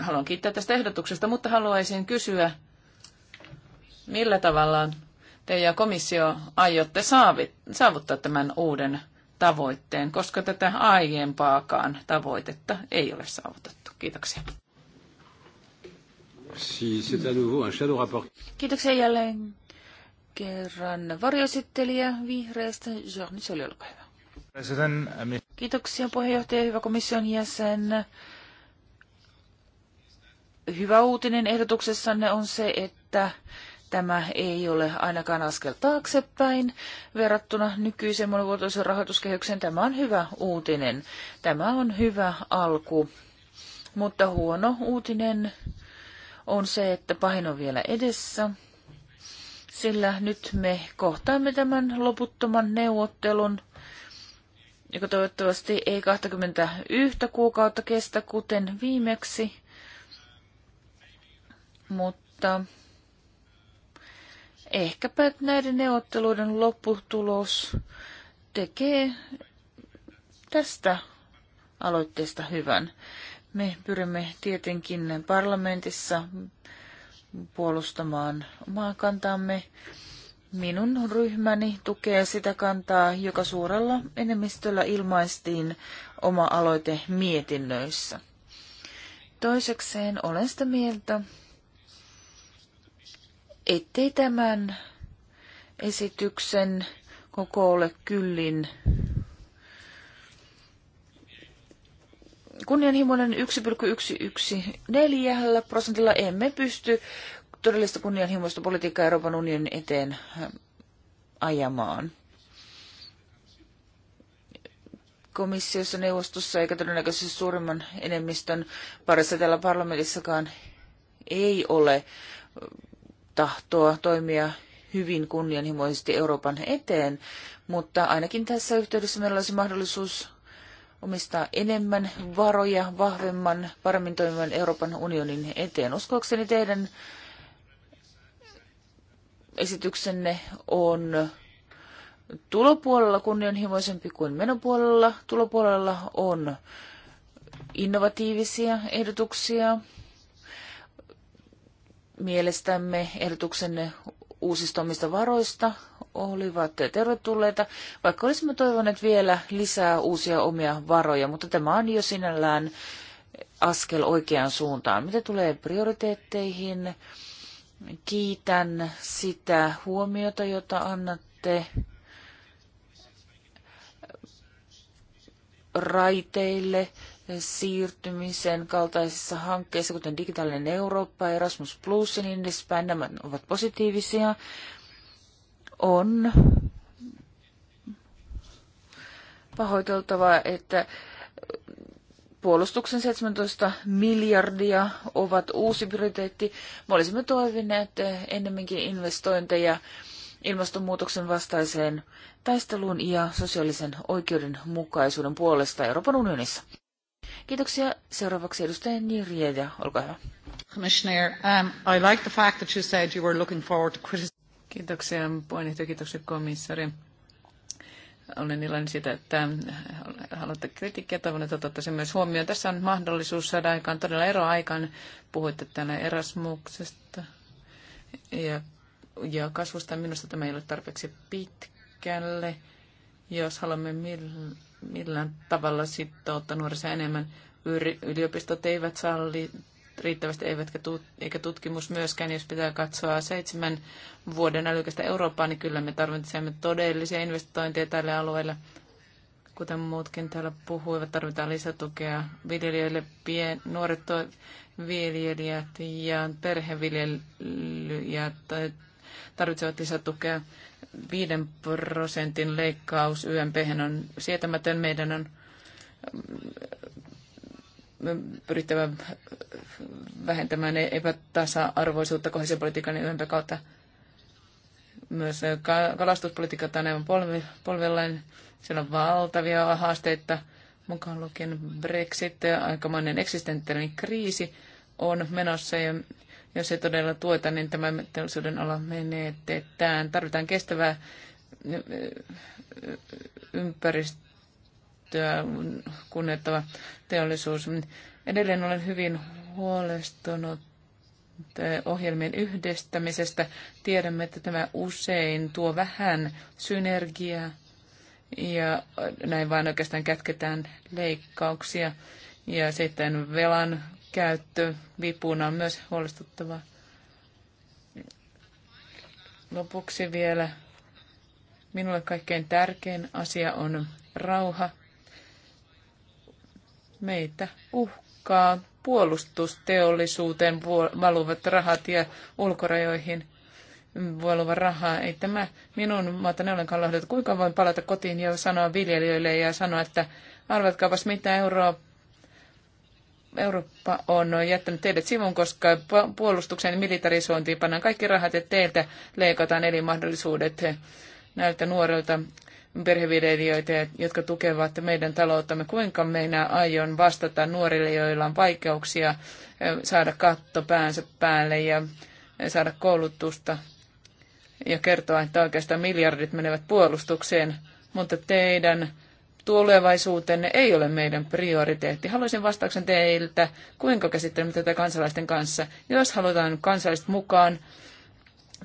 S3: Haluan kiittää tästä ehdotuksesta, mutta haluaisin kysyä, Millä tavalla te ja komissio aiotte saavuttaa tämän uuden tavoitteen, koska tätä aiempaakaan tavoitetta ei ole saavutettu? Kiitoksia.
S1: Kiitoksia jälleen kerran varjoesittelijä vihreästä, Jorni Soli, olkaa hyvä. Äh, Kiitoksia puheenjohtaja, hyvä komission jäsen. Hyvä uutinen ehdotuksessanne on se, että Tämä ei ole ainakaan askel taaksepäin verrattuna nykyiseen monivuotoisen rahoituskehykseen. Tämä on hyvä uutinen. Tämä on hyvä alku. Mutta huono uutinen on se, että pahin on vielä edessä, sillä nyt me kohtaamme tämän loputtoman neuvottelun, joka toivottavasti ei 21 kuukautta kestä, kuten viimeksi, mutta ehkäpä näiden neuvotteluiden lopputulos tekee tästä aloitteesta hyvän. Me pyrimme tietenkin parlamentissa puolustamaan omaa kantaamme. Minun ryhmäni tukee sitä kantaa, joka suurella enemmistöllä ilmaistiin oma aloite mietinnöissä. Toisekseen olen sitä mieltä, ettei tämän esityksen koko ole kyllin kunnianhimoinen 1,114 prosentilla emme pysty todellista kunnianhimoista politiikkaa Euroopan unionin eteen ähm, ajamaan. Komissiossa, neuvostossa eikä todennäköisesti suurimman enemmistön parissa täällä parlamentissakaan ei ole tahtoa toimia hyvin kunnianhimoisesti Euroopan eteen, mutta ainakin tässä yhteydessä meillä olisi mahdollisuus omistaa enemmän varoja vahvemman, paremmin toimivan Euroopan unionin eteen. Uskoakseni teidän esityksenne on tulopuolella kunnianhimoisempi kuin menopuolella. Tulopuolella on innovatiivisia ehdotuksia, Mielestämme ehdotuksen uusistomista varoista olivat tervetulleita, vaikka olisimme toivoneet vielä lisää uusia omia varoja, mutta tämä on jo sinällään askel oikeaan suuntaan. Mitä tulee prioriteetteihin, kiitän sitä huomiota, jota annatte raiteille, siirtymisen kaltaisissa hankkeissa, kuten Digitaalinen Eurooppa, Erasmus Plus ja niin edespäin, nämä ovat positiivisia, on pahoiteltava, että puolustuksen 17 miljardia ovat uusi prioriteetti. Me olisimme toivineet ennemminkin investointeja ilmastonmuutoksen vastaiseen taisteluun ja sosiaalisen oikeudenmukaisuuden puolesta Euroopan unionissa. Kiitoksia. Seuraavaksi edustaja Nirjeda, olkaa hyvä. Commissioner, um, I like the fact that you said you were looking forward to criticism. Kiitoksia
S3: puheenjohtaja, kiitoksia komissaari. Olen iloinen siitä, että haluatte kritiikkiä. Toivon, että otatte sen myös huomioon. Tässä on mahdollisuus saada aikaan todella eroaikaan. Puhuitte täällä Erasmuksesta ja, ja kasvusta. Minusta tämä ei ole tarpeeksi pitkälle. Jos haluamme mill- millään tavalla sitouttaa nuorisoa enemmän. Yliopistot eivät salli riittävästi eivätkä tut, eikä tutkimus myöskään, jos pitää katsoa seitsemän vuoden älykästä Eurooppaa, niin kyllä me tarvitsemme todellisia investointeja tälle alueelle. Kuten muutkin täällä puhuivat, tarvitaan lisätukea viljelijöille, pien, nuoret viljelijät ja perheviljelijät tarvitsevat lisätukea. 5 prosentin leikkaus YMP on sietämätön. Meidän on mm, mm, pyrittävä vähentämään e- epätasa-arvoisuutta kohesiopolitiikan ja YMP kautta. Myös kalastuspolitiikka on aivan polvellainen. Siellä on valtavia haasteita, mukaan lukien Brexit, aikamoinen eksistenttinen kriisi on menossa ja jos ei todella tueta, niin tämä teollisuuden ala menetetään. Tarvitaan kestävää ympäristöä kunnioittava teollisuus. Edelleen olen hyvin huolestunut ohjelmien yhdistämisestä. Tiedämme, että tämä usein tuo vähän synergiaa ja näin vain oikeastaan kätketään leikkauksia ja sitten velan käyttö vipuna on myös huolestuttava. Lopuksi vielä minulle kaikkein tärkein asia on rauha. Meitä uhkaa puolustusteollisuuteen valuvat rahat ja ulkorajoihin valuva rahaa. Ei tämä minun ne ollenkaan lohduta. Kuinka voin palata kotiin ja sanoa viljelijöille ja sanoa, että arvatkaapas mitä Eurooppa Eurooppa on jättänyt teidät sivun, koska puolustuksen militarisointiin pannaan kaikki rahat ja teiltä leikataan eli mahdollisuudet näiltä nuorilta perheviljelijöitä, jotka tukevat meidän talouttamme. Kuinka minä aion vastata nuorille, joilla on vaikeuksia eh, saada katto päänsä päälle ja eh, saada koulutusta ja kertoa, että oikeastaan miljardit menevät puolustukseen, mutta teidän tulevaisuutenne ei ole meidän prioriteetti. Haluaisin vastauksen teiltä, kuinka käsittelemme tätä kansalaisten kanssa. Jos halutaan kansalaiset mukaan,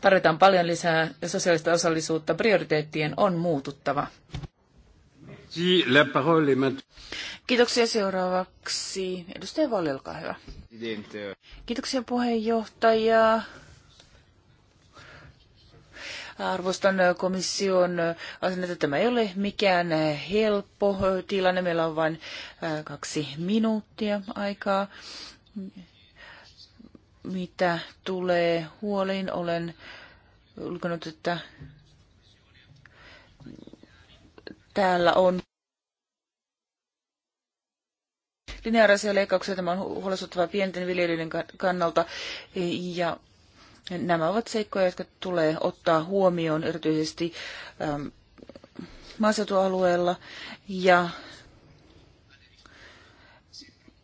S3: tarvitaan paljon lisää sosiaalista osallisuutta. Prioriteettien on muututtava.
S1: Kiitoksia seuraavaksi. Edustaja Valli, olkaa hyvä. Kiitoksia puheenjohtaja. Arvostan komission asennetta. Tämä ei ole mikään helppo tilanne. Meillä on vain kaksi minuuttia aikaa. Mitä tulee huoliin, olen lukenut, että täällä on lineaarisia leikkauksia. Tämä on huolestuttavaa pienten viljelijöiden kannalta. Ja Nämä ovat seikkoja, jotka tulee ottaa huomioon erityisesti maaseutualueilla ähm, maaseutualueella ja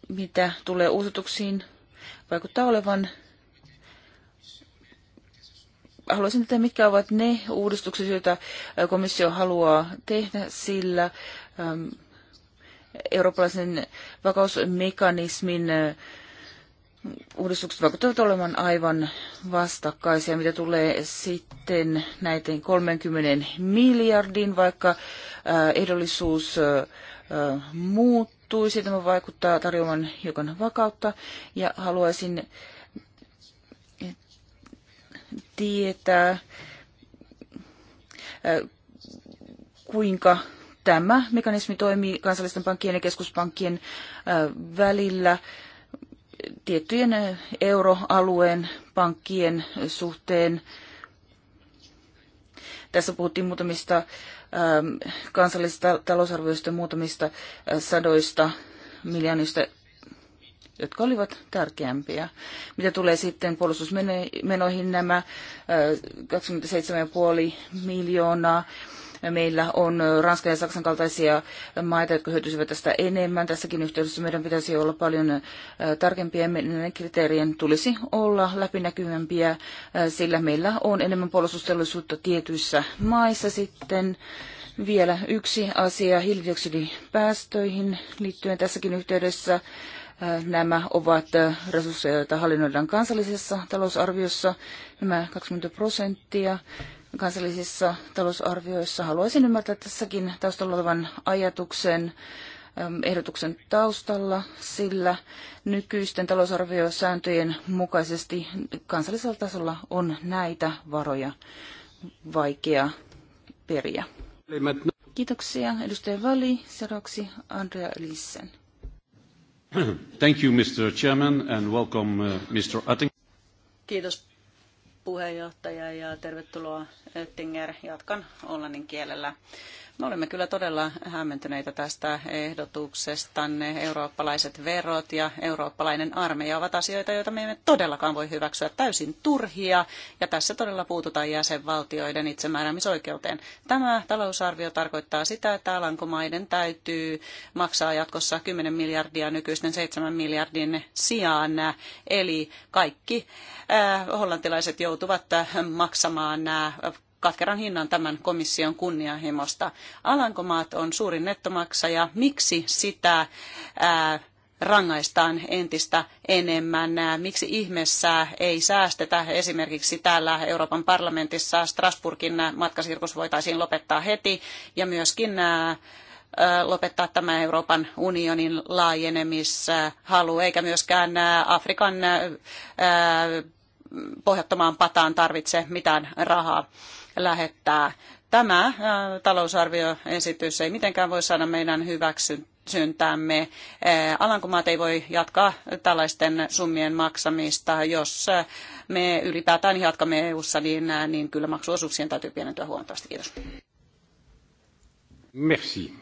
S1: mitä tulee uusituksiin vaikuttaa olevan haluaisin tietää, mitkä ovat ne uudistukset, joita äh, komissio haluaa tehdä, sillä äm, eurooppalaisen vakausmekanismin äh, uudistukset vaikuttavat olemaan aivan vastakkaisia, mitä tulee sitten näiden 30 miljardin, vaikka äh, ehdollisuus äh, äh, muuttuisi. Tämä vaikuttaa tarjoamaan hiukan vakautta ja haluaisin tietää, kuinka tämä mekanismi toimii kansallisten pankkien ja keskuspankkien välillä tiettyjen euroalueen pankkien suhteen. Tässä puhuttiin muutamista ähm, kansallisista talousarvioista muutamista äh, sadoista miljoonista, jotka olivat tärkeämpiä. Mitä tulee sitten puolustusmenoihin, nämä 27,5 äh, miljoonaa Meillä on Ranskan ja Saksan kaltaisia maita, jotka hyötyisivät tästä enemmän. Tässäkin yhteydessä meidän pitäisi olla paljon tarkempia. Meidän kriteerien tulisi olla läpinäkyvämpiä, sillä meillä on enemmän puolustusteollisuutta tietyissä maissa sitten. Vielä yksi asia hiilidioksidipäästöihin liittyen tässäkin yhteydessä. Nämä ovat resursseja, joita hallinnoidaan kansallisessa talousarviossa, nämä 20 prosenttia kansallisissa talousarvioissa. Haluaisin ymmärtää tässäkin taustalla olevan ajatuksen ehdotuksen taustalla, sillä nykyisten talousarviosääntöjen mukaisesti kansallisella tasolla on näitä varoja vaikea periä. Kiitoksia. Edustaja Vali, seuraavaksi
S2: Andrea Lissen.
S1: Thank you, Mr. Chairman, and welcome,
S2: uh, Mr. Atting. Kiitos puheenjohtaja ja tervetuloa Oettinger. Jatkan hollannin kielellä. Me olemme kyllä todella hämmentyneitä tästä ehdotuksestanne. Eurooppalaiset verot ja eurooppalainen armeija ovat asioita, joita me emme todellakaan voi hyväksyä täysin turhia. Ja tässä todella puututaan jäsenvaltioiden itsemääräämisoikeuteen. Tämä talousarvio tarkoittaa sitä, että Alankomaiden täytyy maksaa jatkossa 10 miljardia nykyisten 7 miljardin sijaan. Eli kaikki äh, hollantilaiset joutuvat maksamaan nämä äh, katkeran hinnan tämän komission kunnianhimosta. Alankomaat on suurin nettomaksaja. Miksi sitä ää, rangaistaan entistä enemmän. Miksi ihmeessä ei säästetä esimerkiksi täällä Euroopan parlamentissa Strasburgin matkasirkus voitaisiin lopettaa heti ja myöskin lopettaa tämä Euroopan unionin laajenemishalu, eikä myöskään Afrikan pohjattomaan pataan tarvitse mitään rahaa lähettää. Tämä äh, talousarvioesitys ei mitenkään voi saada meidän hyväksyntämme. Äh, Alankomaat ei voi jatkaa tällaisten summien maksamista. Jos äh, me ylipäätään jatkamme EU-ssa, niin, niin kyllä maksuosuuksien täytyy pienentyä huomattavasti. Kiitos.
S1: Merci.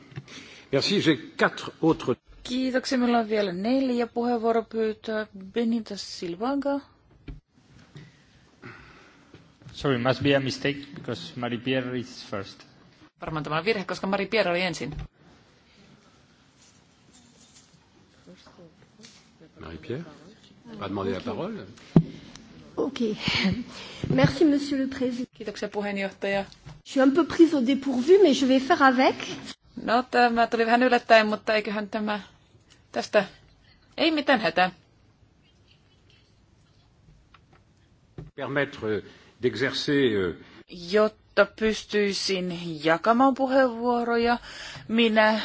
S1: Merci, j'ai quatre autres... Kiitoksia. Meillä on vielä neljä puheenvuoropyyntöä. Benita Silvaga. Sorry, must be a mistake because Marie Pierre is first.
S3: Varmaan tämä on virhe, koska Marie Pierre oli ensin.
S2: Marie Pierre, va demander la parole.
S3: Okei. Okay. Merci, monsieur le président. Kiitoksia puheenjohtaja.
S1: Je suis un peu prise au dépourvu, mais je vais faire avec.
S3: No, tämä tuli vähän yllättäen, mutta eiköhän tämä tästä... Ei mitään hätää.
S1: Permettre Euh, Jotta pystyisin jakamaan puheenvuoroja, minä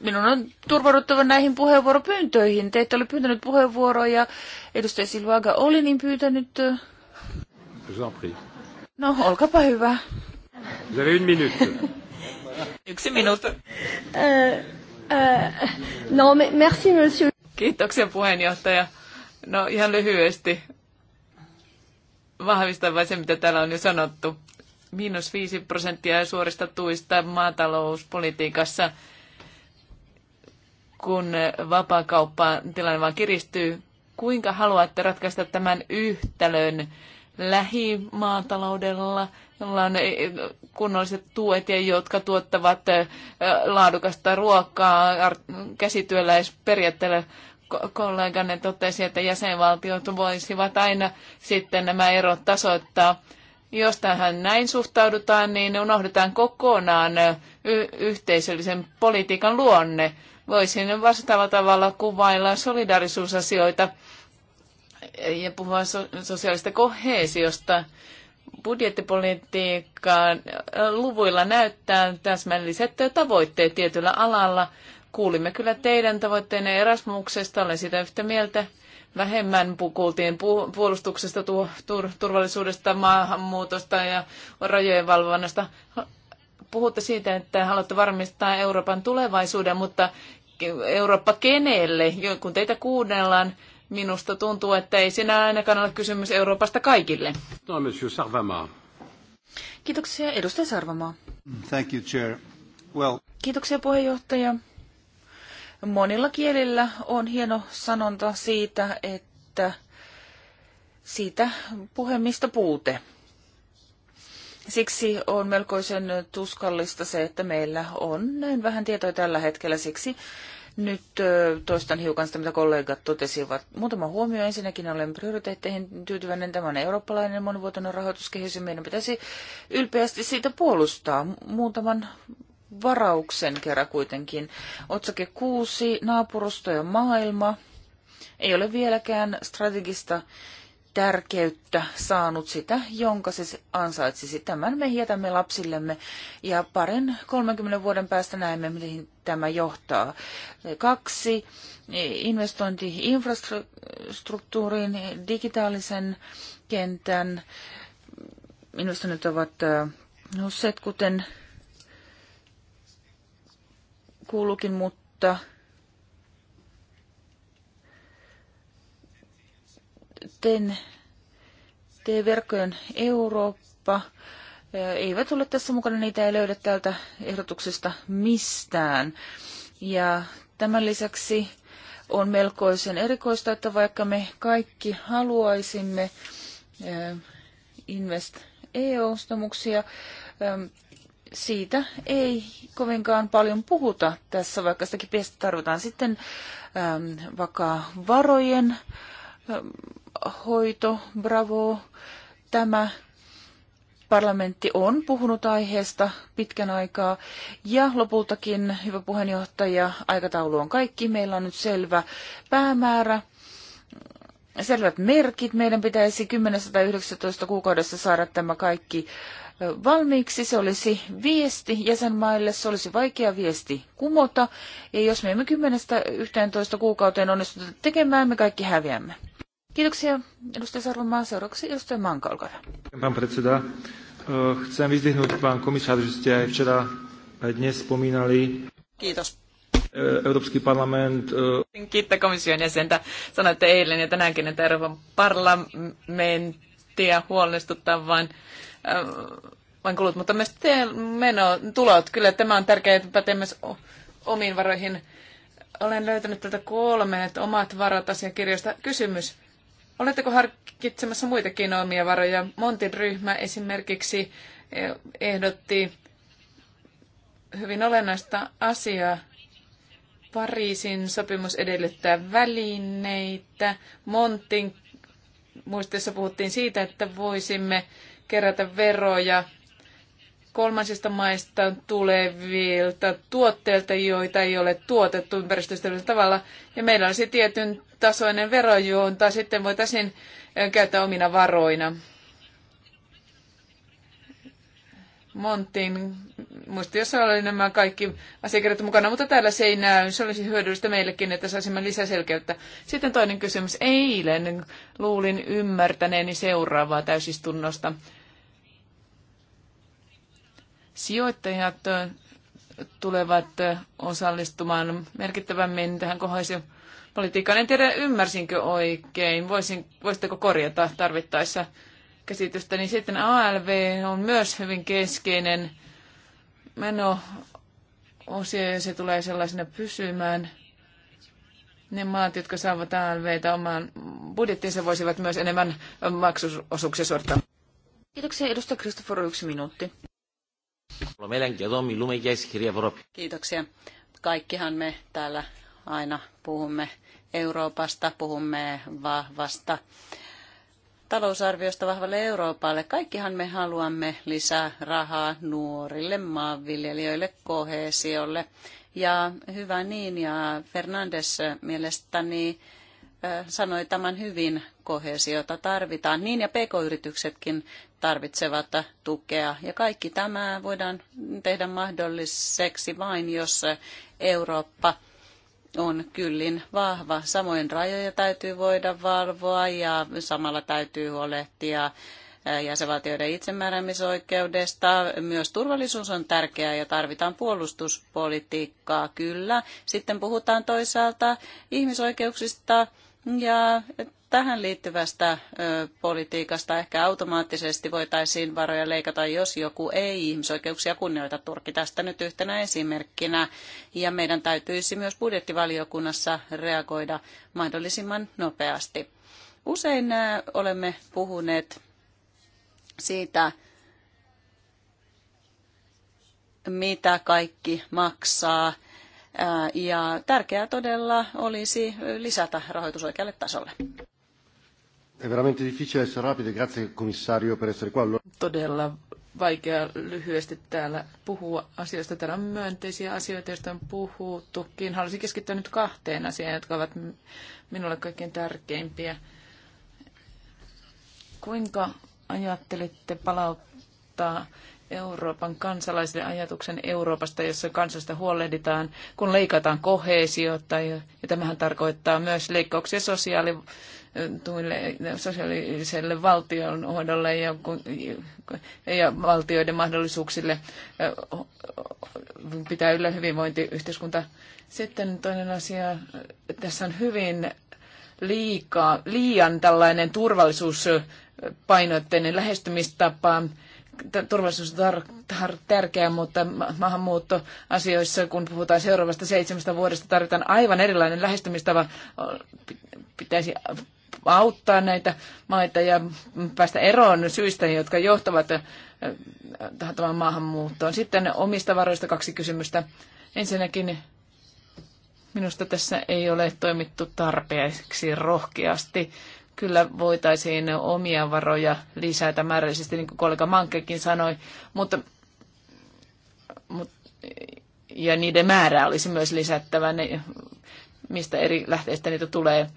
S1: minun on turvauduttava näihin puheenvuoropyyntöihin. Te ette ole pyytänyt puheenvuoroja. Edustaja Silvaga oli niin pyytänyt. No, olkapa hyvä. Vous avez une minute. Yksi minuutti. Äh, äh, no, merci, monsieur. Kiitoksia
S3: puheenjohtaja. No ihan lyhyesti vahvistaa vain se, mitä täällä on jo sanottu. Miinus 5 prosenttia suorista tuista maatalouspolitiikassa, kun vapaakauppa tilanne vaan kiristyy. Kuinka haluatte ratkaista tämän yhtälön lähimaataloudella, jolla on eh, kunnolliset tuet ja jotka tuottavat eh, laadukasta ruokaa käsityöläisperiaatteella kolleganne totesi, että jäsenvaltiot voisivat aina sitten nämä erot tasoittaa. Jos tähän näin suhtaudutaan, niin unohdetaan kokonaan y- yhteisöllisen politiikan luonne. Voisin vastaavalla tavalla kuvailla solidarisuusasioita ja puhua so- sosiaalista kohesiosta Budjettipolitiikkaan luvuilla näyttää täsmälliset tavoitteet tietyllä alalla, kuulimme kyllä teidän tavoitteenne Erasmuksesta, olen sitä yhtä mieltä. Vähemmän kuultiin puolustuksesta, turvallisuudesta, maahanmuutosta ja rajojen valvonnasta. Puhutte siitä, että haluatte varmistaa Euroopan tulevaisuuden, mutta Eurooppa kenelle? Kun teitä kuunnellaan, minusta tuntuu, että ei sinä ainakaan ole kysymys Euroopasta kaikille.
S1: No, monsieur Sarvamaa. Kiitoksia, edustaja Sarvamaa. Thank you, chair. Well... Kiitoksia, puheenjohtaja monilla kielillä on hieno sanonta siitä, että siitä puhemista puute. Siksi on melkoisen tuskallista se, että meillä on näin vähän tietoa tällä hetkellä. Siksi nyt toistan hiukan sitä, mitä kollegat totesivat. Muutama huomio. Ensinnäkin olen prioriteetteihin tyytyväinen. Tämä on eurooppalainen monivuotinen rahoituskehys ja meidän pitäisi ylpeästi siitä puolustaa. Muutaman varauksen kerran kuitenkin. Otsake 6, naapurusto ja maailma. Ei ole vieläkään strategista tärkeyttä saanut sitä, jonka se ansaitsisi. Tämän me jätämme lapsillemme ja parin 30 vuoden päästä näemme, mihin tämä johtaa. Kaksi, investointi infrastruktuuriin, digitaalisen kentän, investoinnit ovat nousseet, kuten kuuluukin, mutta ten, T-verkkojen Eurooppa e, eivät ole tässä mukana, niitä ei löydä täältä ehdotuksesta mistään. Ja tämän lisäksi on melkoisen erikoista, että vaikka me kaikki haluaisimme e, Invest EU-ostamuksia, siitä ei kovinkaan paljon puhuta tässä, vaikka sitä piestä tarvitaan sitten äm, vakaa varojen äm, hoito, bravo, tämä parlamentti on puhunut aiheesta pitkän aikaa. Ja lopultakin, hyvä puheenjohtaja, aikataulu on kaikki. Meillä on nyt selvä päämäärä, selvät merkit. Meidän pitäisi 10-19 kuukaudessa saada tämä kaikki valmiiksi. Se olisi viesti jäsenmaille, se olisi vaikea viesti kumota. Ja jos me emme 10-11 kuukauteen onnistu tekemään, me kaikki häviämme. Kiitoksia edustaja Sarvomaa. Seuraavaksi edustaja Manka, olkaa hyvä. Pan predseda, e, chcem vyzdvihnúť, pán komisár, že ste aj včera aj dnes spomínali. Kiitos. E, Euroopan parlament...
S3: E, Kiittää komission jäsentä. Sanoitte eilen ja tänäänkin, että Euroopan parlamenttia huolestuttaa vain Äh, vain kulut, mutta myös meno, tulot. Kyllä tämä on tärkeää, että pätee myös omiin varoihin. Olen löytänyt tätä kolme, että omat varat asiakirjoista. Kysymys. Oletteko harkitsemassa muitakin omia varoja? Montin ryhmä esimerkiksi e, ehdotti hyvin olennaista asiaa. Pariisin sopimus edellyttää välineitä. Montin muistissa puhuttiin siitä, että voisimme kerätä veroja kolmansista maista tulevilta tuotteilta, joita ei ole tuotettu ympäristöystävällisellä tavalla. Ja meillä olisi tietyn tasoinen vero, jota sitten voitaisiin käyttää omina varoina. Montin jos oli nämä kaikki asiakirjat mukana, mutta täällä se ei näy. Se olisi hyödyllistä meillekin, että saisimme lisäselkeyttä. Sitten toinen kysymys. Eilen luulin ymmärtäneeni seuraavaa täysistunnosta. Sijoittajat tulevat osallistumaan merkittävämmin tähän politiikkaan. En tiedä, ymmärsinkö oikein. Voisin, voisitteko korjata tarvittaessa käsitystä? Niin sitten ALV on myös hyvin keskeinen meno osia ja se tulee sellaisena pysymään. Ne maat, jotka saavat ALVtä omaan
S1: budjettiinsa, voisivat
S3: myös enemmän maksuosuuksia suorittaa.
S1: Kiitoksia. Edustaja Kristoffer, yksi minuutti.
S2: Kiitoksia. Kaikkihan me täällä aina puhumme Euroopasta, puhumme vahvasta talousarviosta vahvalle Euroopalle. Kaikkihan me haluamme lisää rahaa nuorille maanviljelijöille, kohesiolle. Ja hyvä niin, ja Fernandes mielestäni sanoi tämän hyvin, kohesiota tarvitaan. Niin ja pk-yrityksetkin tarvitsevat tukea. Ja kaikki tämä voidaan tehdä mahdolliseksi vain, jos Eurooppa on kyllin vahva. Samoin rajoja täytyy voida valvoa ja samalla täytyy huolehtia jäsenvaltioiden itsemääräämisoikeudesta. Myös turvallisuus on tärkeää ja tarvitaan puolustuspolitiikkaa, kyllä. Sitten puhutaan toisaalta ihmisoikeuksista, ja tähän liittyvästä politiikasta ehkä automaattisesti voitaisiin varoja leikata, jos joku ei ihmisoikeuksia kunnioita. Turki tästä nyt yhtenä esimerkkinä. Ja meidän täytyisi myös budjettivaliokunnassa reagoida mahdollisimman nopeasti. Usein olemme puhuneet siitä, mitä kaikki maksaa – ja tärkeää todella olisi lisätä rahoitus oikealle tasolle.
S1: Todella
S3: vaikea lyhyesti täällä puhua asioista. Täällä on myönteisiä asioita, joista on puhuttukin. Haluaisin keskittyä nyt kahteen asiaan, jotka ovat minulle kaikkein tärkeimpiä. Kuinka ajattelitte palauttaa Euroopan kansalaisille ajatuksen Euroopasta, jossa kansasta huolehditaan, kun leikataan kohesiota. Ja, ja tämähän tarkoittaa myös leikkauksia sosiaali, tuille, sosiaaliselle valtionhoidolle ja, ja valtioiden mahdollisuuksille pitää yllä hyvinvointiyhteiskunta. Sitten toinen asia, tässä on hyvin liikaa, liian tällainen turvallisuuspainotteinen lähestymistapa turvallisuus on tärkeää, mutta maahanmuuttoasioissa, kun puhutaan seuraavasta seitsemästä vuodesta, tarvitaan aivan erilainen lähestymistapa. Pitäisi auttaa näitä maita ja päästä eroon syistä, jotka johtavat tähän maahanmuuttoon. Sitten omista varoista kaksi kysymystä. Ensinnäkin minusta tässä ei ole toimittu tarpeeksi rohkeasti kyllä voitaisiin omia varoja lisätä määrällisesti, niin kuin kollega Mankkekin sanoi, mutta, mutta ja niiden määrää olisi myös lisättävä, ne, mistä eri lähteistä niitä tulee.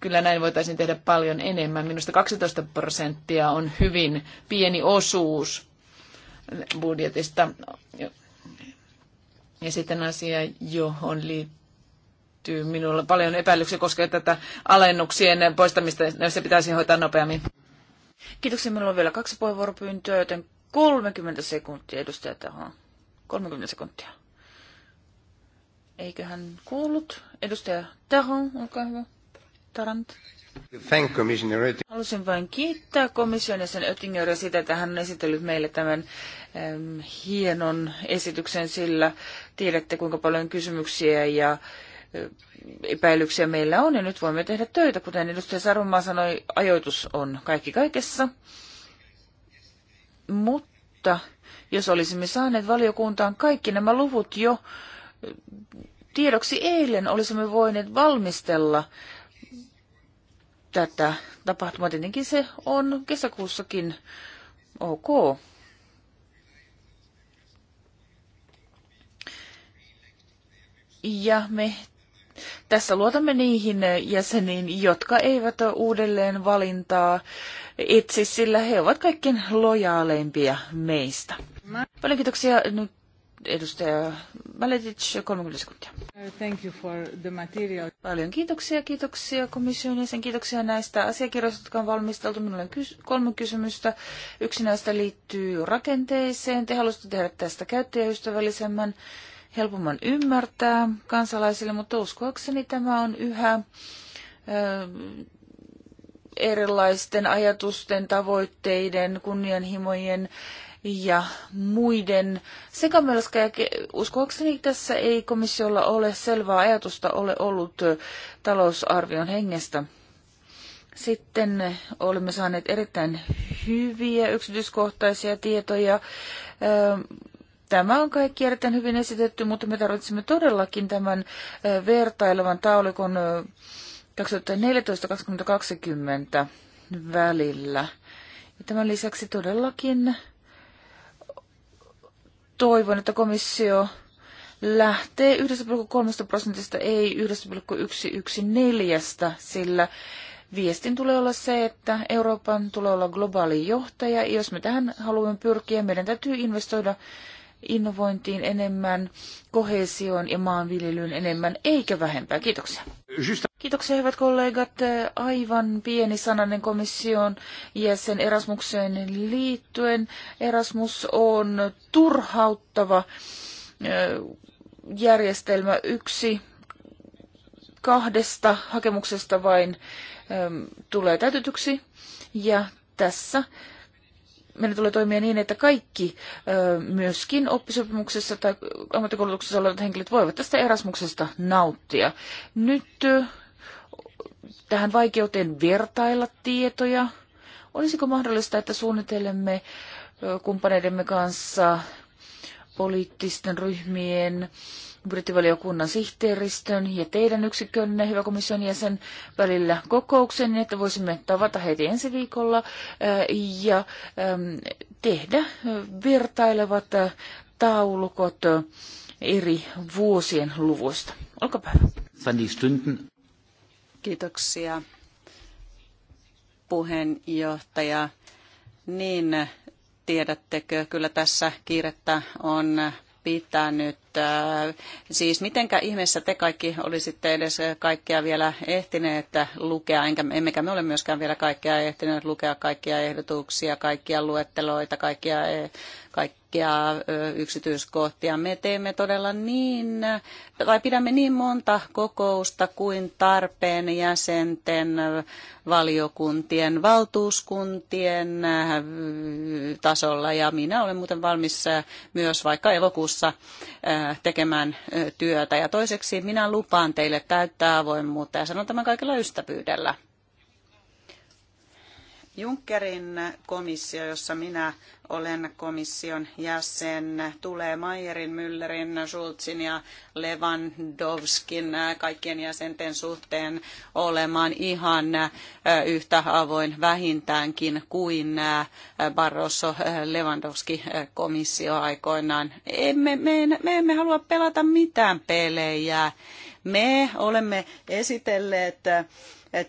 S3: Kyllä näin voitaisiin tehdä paljon enemmän. Minusta 12 prosenttia on hyvin pieni osuus budjetista. Ja sitten asia, johon liittyy liittyy minulla paljon epäilyksiä koskee tätä alennuksien
S1: poistamista, se pitäisi hoitaa nopeammin. Kiitoksia. Minulla on vielä kaksi puheenvuoropyyntöä, joten 30 sekuntia edustaja tähän. 30 sekuntia. Eiköhän kuullut. Edustaja Taho, olkaa hyvä. Tarant.
S2: Thank Commissioner
S1: Halusin vain kiittää komission sen Oettingeria siitä, että hän on esitellyt meille tämän äm, hienon esityksen, sillä tiedätte kuinka paljon kysymyksiä ja epäilyksiä meillä on ja nyt voimme tehdä töitä. Kuten edustaja Sarumaa sanoi, ajoitus on kaikki kaikessa. Mutta jos olisimme saaneet valiokuntaan kaikki nämä luvut jo tiedoksi eilen, olisimme voineet valmistella tätä tapahtumaa. Tietenkin se on kesäkuussakin ok. Ja me tässä luotamme niihin jäseniin, jotka eivät uudelleen valintaa etsi, sillä he ovat kaikkein lojaaleimpia meistä. Paljon kiitoksia nyt edustaja Maletic, 30 sekuntia. Thank you for the material. Paljon kiitoksia, kiitoksia komission jäsen, kiitoksia näistä asiakirjoista, jotka on valmisteltu. Minulla on kys- kolme kysymystä. Yksi näistä liittyy rakenteeseen. Te haluaisitte tehdä tästä käyttäjäystävällisemmän helpomman ymmärtää kansalaisille, mutta uskoakseni tämä on yhä erilaisten ajatusten, tavoitteiden, kunnianhimojen ja muiden sekamelska. Ja uskoakseni tässä ei komissiolla ole selvää ajatusta ole ollut talousarvion hengestä. Sitten olemme saaneet erittäin hyviä yksityiskohtaisia tietoja Tämä on kaikki erittäin hyvin esitetty, mutta me tarvitsemme todellakin tämän vertailevan taulukon 2014-2020 välillä. Ja tämän lisäksi todellakin toivon, että komissio lähtee 1,3 prosentista, ei 1,114, sillä viestin tulee olla se, että Euroopan tulee olla globaali johtaja. Jos me tähän haluamme pyrkiä, meidän täytyy investoida innovointiin enemmän, kohesioon ja maanviljelyyn enemmän, eikä vähempää. Kiitoksia. Just... Kiitoksia hyvät kollegat. Aivan pieni sananen komission ja sen Erasmukseen liittyen. Erasmus on turhauttava järjestelmä yksi kahdesta hakemuksesta vain tulee täytetyksi. Ja tässä meidän tulee toimia niin, että kaikki myöskin oppisopimuksessa tai ammattikoulutuksessa olevat henkilöt voivat tästä erasmuksesta nauttia. Nyt tähän vaikeuteen vertailla tietoja. Olisiko mahdollista, että suunnittelemme kumppaneidemme kanssa poliittisten ryhmien budjettivaliokunnan sihteeristön ja teidän yksikkönne, hyvä komission jäsen, välillä kokouksen, niin että voisimme tavata heitä ensi viikolla äh, ja ähm, tehdä äh, vertailevat äh, taulukot eri vuosien luvuista. Olkaa hyvä.
S2: Kiitoksia puheenjohtaja. Niin, tiedättekö, kyllä tässä kiirettä on pitänyt Äh, siis mitenkä ihmeessä te kaikki olisitte edes kaikkea vielä ehtineet lukea, enkä, emmekä me ole myöskään vielä kaikkea ehtineet lukea kaikkia ehdotuksia, kaikkia luetteloita, kaikkia, e, kaikkia yksityiskohtia. Me teemme todella niin, tai pidämme niin monta kokousta kuin tarpeen jäsenten, valiokuntien, valtuuskuntien äh, tasolla. Ja minä olen muuten valmis äh, myös vaikka elokuussa Äh, tekemään työtä. Ja toiseksi minä lupaan teille täyttää avoimuutta ja sanon tämän kaikella ystävyydellä. Junckerin komissio, jossa minä olen komission jäsen, tulee Mayerin, Müllerin, Schulzin ja Lewandowskin äh, kaikkien jäsenten suhteen olemaan ihan äh, yhtä avoin vähintäänkin kuin äh, Barroso Lewandowski komissio aikoinaan. Emme, me, me emme halua pelata mitään pelejä. Me olemme esitelleet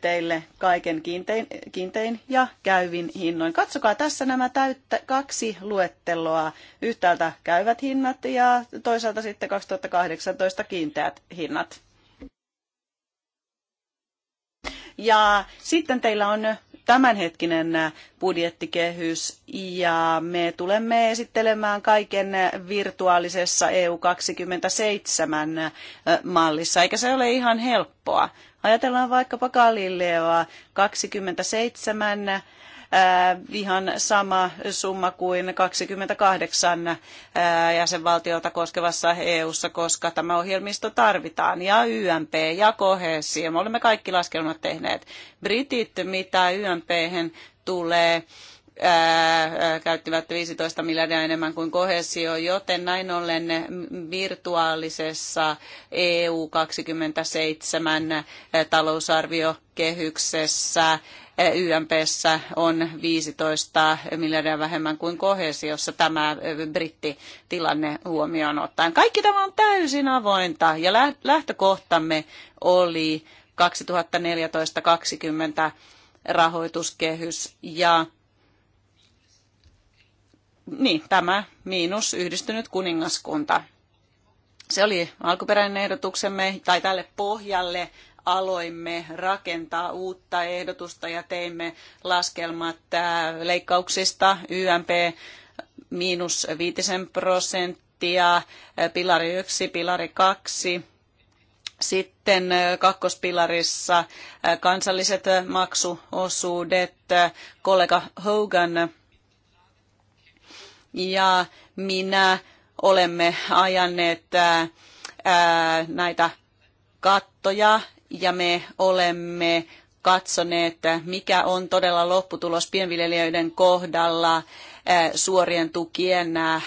S2: teille kaiken kiintein, kiintein ja käyvin hinnoin. Katsokaa tässä nämä täyttä kaksi luetteloa. Yhtäältä käyvät hinnat ja toisaalta sitten 2018 kiinteät hinnat. Ja sitten teillä on tämänhetkinen budjettikehys ja me tulemme esittelemään kaiken virtuaalisessa EU27 mallissa, eikä se ole ihan helppoa. Ajatellaan vaikkapa Galileoa 27 Äh, ihan sama summa kuin 28 äh, jäsenvaltiota koskevassa EU:ssa, koska tämä ohjelmisto tarvitaan ja YMP ja kohessi. Me olemme kaikki laskelmat tehneet. Britit, mitä YMP:hen tulee, ää, äh, käyttivät 15 miljardia enemmän kuin kohesio, joten näin ollen virtuaalisessa EU 27 talousarviokehyksessä E YMPssä on 15 miljardia vähemmän kuin kohesiossa tämä brittitilanne huomioon ottaen. Kaikki tämä on täysin avointa ja lähtökohtamme oli 2014-2020 rahoituskehys ja niin, tämä miinus yhdistynyt kuningaskunta. Se oli alkuperäinen ehdotuksemme, tai tälle pohjalle aloimme rakentaa uutta ehdotusta ja teimme laskelmat äh, leikkauksista YMP miinus viitisen prosenttia, äh, pilari yksi, pilari kaksi. Sitten äh, kakkospilarissa kansalliset maksuosuudet, kollega Hogan ja minä olemme ajaneet näitä kattoja ja me olemme katsoneet, mikä on todella lopputulos pienviljelijöiden kohdalla eh, suorien tukien eh,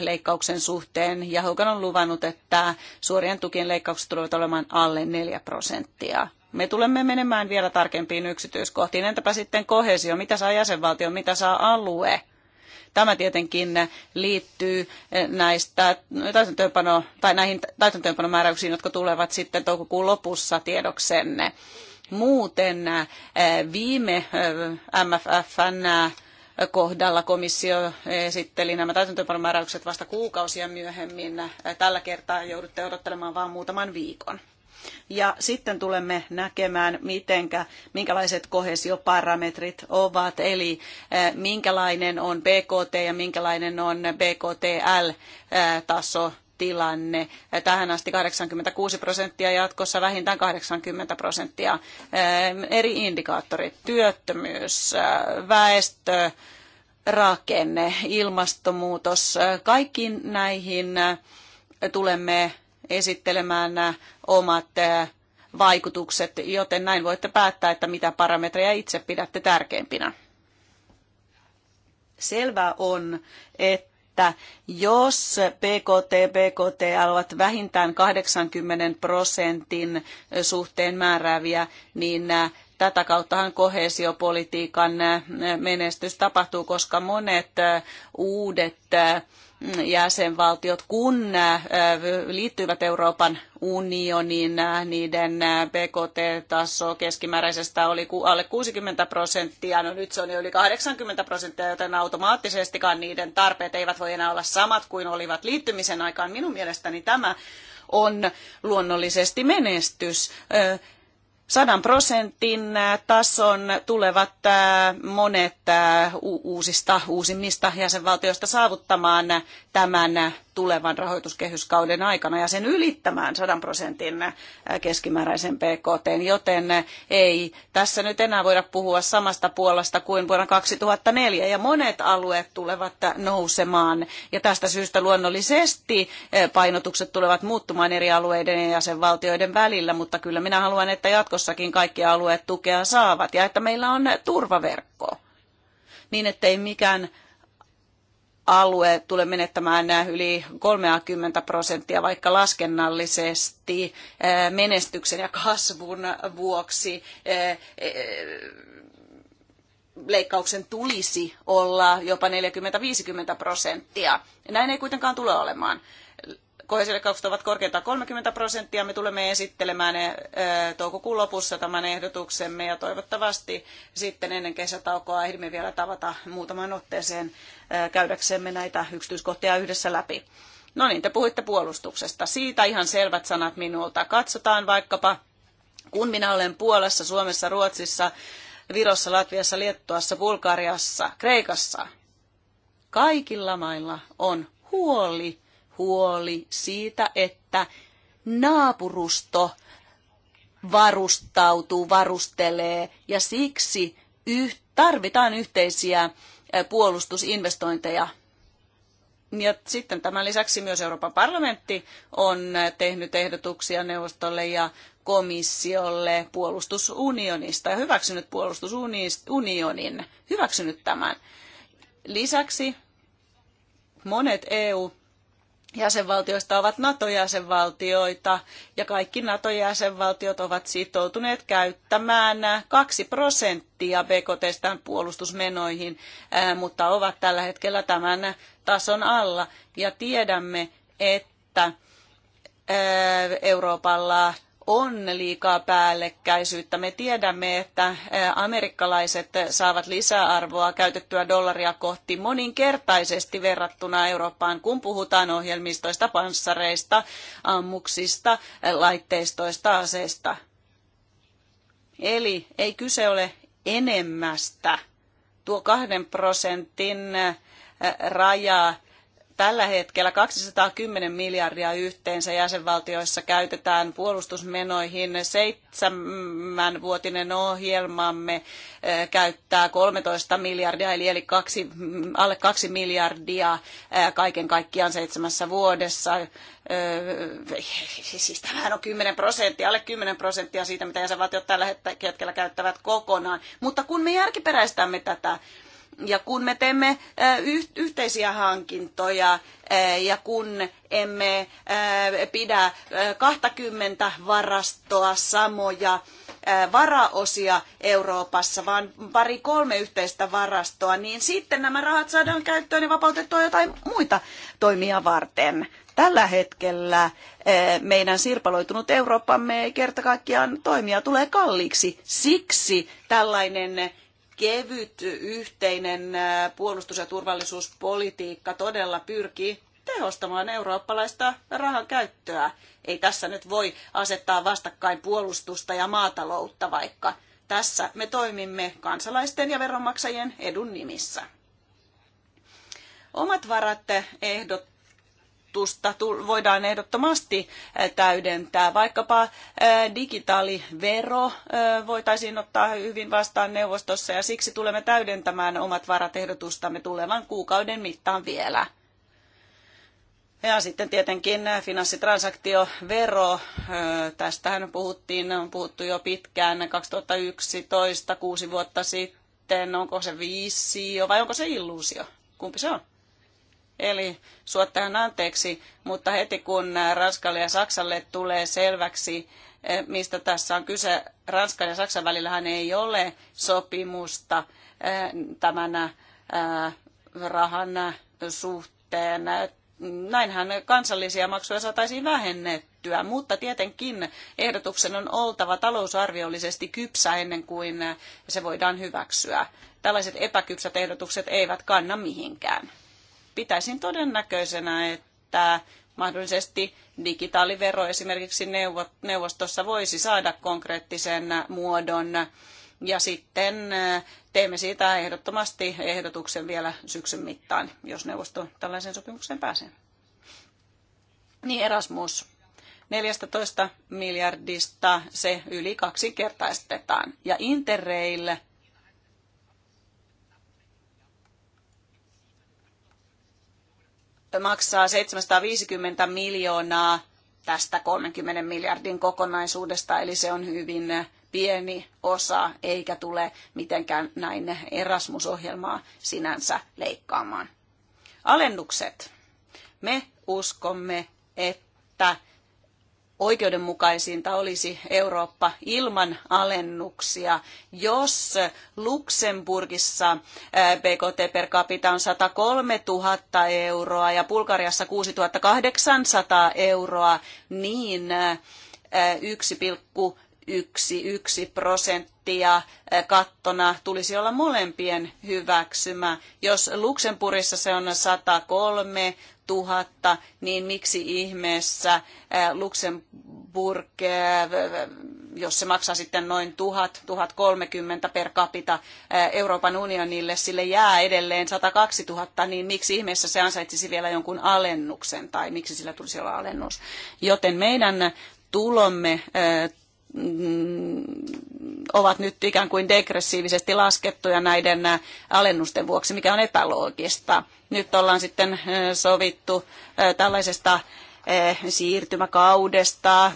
S2: leikkauksen suhteen. Ja Hogan on luvannut, että suorien tukien leikkaukset tulevat olemaan alle 4 prosenttia. Me tulemme menemään vielä tarkempiin yksityiskohtiin. Entäpä sitten kohesio? Mitä saa jäsenvaltio? Mitä saa alue? Tämä tietenkin liittyy näistä täytäntöönpano, tai näihin täytäntöönpanomääräyksiin, jotka tulevat sitten toukokuun lopussa tiedoksenne. Muuten eh, viime eh, MFFn eh, kohdalla komissio esitteli nämä täytäntöönpanomääräykset vasta kuukausia myöhemmin. Tällä kertaa joudutte odottelemaan vain muutaman viikon. Ja sitten tulemme näkemään, mitenkä, minkälaiset kohesioparametrit ovat, eli eh, minkälainen on BKT ja minkälainen on BKTL-taso eh, tilanne. Tähän asti 86 prosenttia, jatkossa vähintään 80 prosenttia. Eh, eri indikaattorit, työttömyys, väestö, rakenne, ilmastonmuutos, kaikkiin näihin tulemme esittelemään nämä äh, omat äh, vaikutukset, joten näin voitte päättää, että mitä parametreja itse pidätte tärkeimpinä. Selvää on, että jos PKT, BKT ovat vähintään 80 prosentin suhteen määrääviä, niin äh, tätä kauttahan kohesiopolitiikan menestys tapahtuu, koska monet uudet jäsenvaltiot, kun liittyvät Euroopan unioniin, niiden BKT-taso keskimääräisestä oli alle 60 prosenttia, no nyt se on jo yli 80 prosenttia, joten automaattisestikaan niiden tarpeet eivät voi enää olla samat kuin olivat liittymisen aikaan. Minun mielestäni tämä on luonnollisesti menestys. 100 prosentin äh, tason tulevat äh, monet äh, uusista, uusimmista jäsenvaltioista saavuttamaan tämän tulevan rahoituskehyskauden aikana ja sen ylittämään 100 prosentin keskimääräisen PKT, joten ei tässä nyt enää voida puhua samasta puolesta kuin vuonna 2004 ja monet alueet tulevat nousemaan ja tästä syystä luonnollisesti painotukset tulevat muuttumaan eri alueiden ja jäsenvaltioiden välillä, mutta kyllä minä haluan, että jatkossa jatkossakin kaikki alueet tukea saavat ja että meillä on turvaverkko niin, ettei mikään alue tule menettämään yli 30 prosenttia, vaikka laskennallisesti eh, menestyksen ja kasvun vuoksi eh, eh, leikkauksen tulisi olla jopa 40-50 prosenttia. Näin ei kuitenkaan tule olemaan kohesioleikkaukset ovat korkeintaan 30 prosenttia. Me tulemme esittelemään eh, toukokuun lopussa tämän ehdotuksemme ja toivottavasti sitten ennen kesätaukoa ehdimme vielä tavata muutaman otteeseen eh, käydäksemme näitä yksityiskohtia yhdessä läpi. No niin, te puhuitte puolustuksesta. Siitä ihan selvät sanat minulta. Katsotaan vaikkapa, kun minä olen Puolassa, Suomessa, Ruotsissa, Virossa, Latviassa, Liettuassa, Bulgariassa, Kreikassa. Kaikilla mailla on huoli huoli siitä, että naapurusto varustautuu, varustelee ja siksi yh- tarvitaan yhteisiä puolustusinvestointeja. Ja sitten tämän lisäksi myös Euroopan parlamentti on tehnyt ehdotuksia neuvostolle ja komissiolle puolustusunionista ja hyväksynyt puolustusunionin, hyväksynyt tämän. Lisäksi monet EU- jäsenvaltioista ovat NATO-jäsenvaltioita ja kaikki NATO-jäsenvaltiot ovat sitoutuneet käyttämään 2 prosenttia BKT puolustusmenoihin, mutta ovat tällä hetkellä tämän tason alla. Ja tiedämme, että Euroopalla on liikaa päällekkäisyyttä. Me tiedämme, että amerikkalaiset saavat lisäarvoa käytettyä dollaria kohti moninkertaisesti verrattuna Eurooppaan, kun puhutaan ohjelmistoista, panssareista, ammuksista, laitteistoista, aseista. Eli ei kyse ole enemmästä. Tuo kahden prosentin raja Tällä hetkellä 210 miljardia yhteensä jäsenvaltioissa käytetään puolustusmenoihin. Seitsemänvuotinen ohjelmamme eh, käyttää 13 miljardia, eli, eli kaksi, alle 2 miljardia eh, kaiken kaikkiaan seitsemässä vuodessa. Eh, siis, siis tämähän on 10 prosenttia, alle 10 prosenttia siitä, mitä jäsenvaltiot tällä hetkellä käyttävät kokonaan. Mutta kun me järkiperäistämme tätä, ja kun me teemme eh, yhteisiä hankintoja eh, ja kun emme eh, pidä 20 varastoa samoja varaosia Euroopassa, vaan pari kolme yhteistä varastoa, niin sitten nämä rahat saadaan käyttöön ja vapautettua jotain muita toimia varten. Tällä hetkellä meidän sirpaloitunut Eurooppamme ei kerta kaikkiaan toimia tulee kalliiksi. Siksi tällainen kevyt yhteinen äh, puolustus- ja turvallisuuspolitiikka todella pyrkii tehostamaan eurooppalaista rahan käyttöä. Ei tässä nyt voi asettaa vastakkain puolustusta ja maataloutta vaikka. Tässä me toimimme kansalaisten ja veronmaksajien edun nimissä. Omat varat ehdot koulutusta voidaan ehdottomasti täydentää. Vaikkapa digitaalivero voitaisiin ottaa hyvin vastaan neuvostossa ja siksi tulemme täydentämään omat varat ehdotustamme tulevan kuukauden mittaan vielä. Ja sitten tietenkin finanssitransaktiovero, tästähän puhuttiin, on puhuttu jo pitkään 2011, kuusi vuotta sitten, onko se viisio vai onko se illuusio? Kumpi se on? Eli suottajan anteeksi, mutta heti kun Ranskalle ja Saksalle tulee selväksi, eh, mistä tässä on kyse, Ranskan ja Saksan välillähän ei ole sopimusta eh, tämän eh, rahan suhteen. Näinhän kansallisia maksuja saataisiin vähennettyä, mutta tietenkin ehdotuksen on oltava talousarviollisesti kypsä ennen kuin se voidaan hyväksyä. Tällaiset epäkypsät ehdotukset eivät kanna mihinkään pitäisin todennäköisenä, että mahdollisesti digitaalivero esimerkiksi neuvostossa voisi saada konkreettisen muodon. Ja sitten eh, teemme siitä ehdottomasti ehdotuksen vielä syksyn mittaan, jos neuvosto tällaisen sopimukseen pääsee. Niin Erasmus. 14 miljardista se yli kaksinkertaistetaan. Ja Interrail maksaa 750 miljoonaa tästä 30 miljardin kokonaisuudesta, eli se on hyvin pieni osa, eikä tule mitenkään näin Erasmus-ohjelmaa sinänsä leikkaamaan. Alennukset. Me uskomme, että oikeudenmukaisinta olisi Eurooppa ilman alennuksia. Jos Luxemburgissa BKT per capita on 103 000 euroa ja Bulgariassa 6 800 euroa, niin 1,5 yksi yksi prosenttia eh, kattona tulisi olla molempien hyväksymä. Jos Luxemburgissa se on 103 000, niin miksi ihmeessä eh, Luxemburg, eh, jos se maksaa sitten noin 1000, 1030 per capita Euroopan unionille, sille jää edelleen 102 000, niin miksi ihmeessä se ansaitsisi vielä jonkun alennuksen tai miksi sillä tulisi olla alennus. Joten meidän tulomme Mm, ovat nyt ikään kuin degressiivisesti laskettuja näiden äh, alennusten vuoksi, mikä on epäloogista. Nyt ollaan sitten äh, sovittu äh, tällaisesta siirtymäkaudesta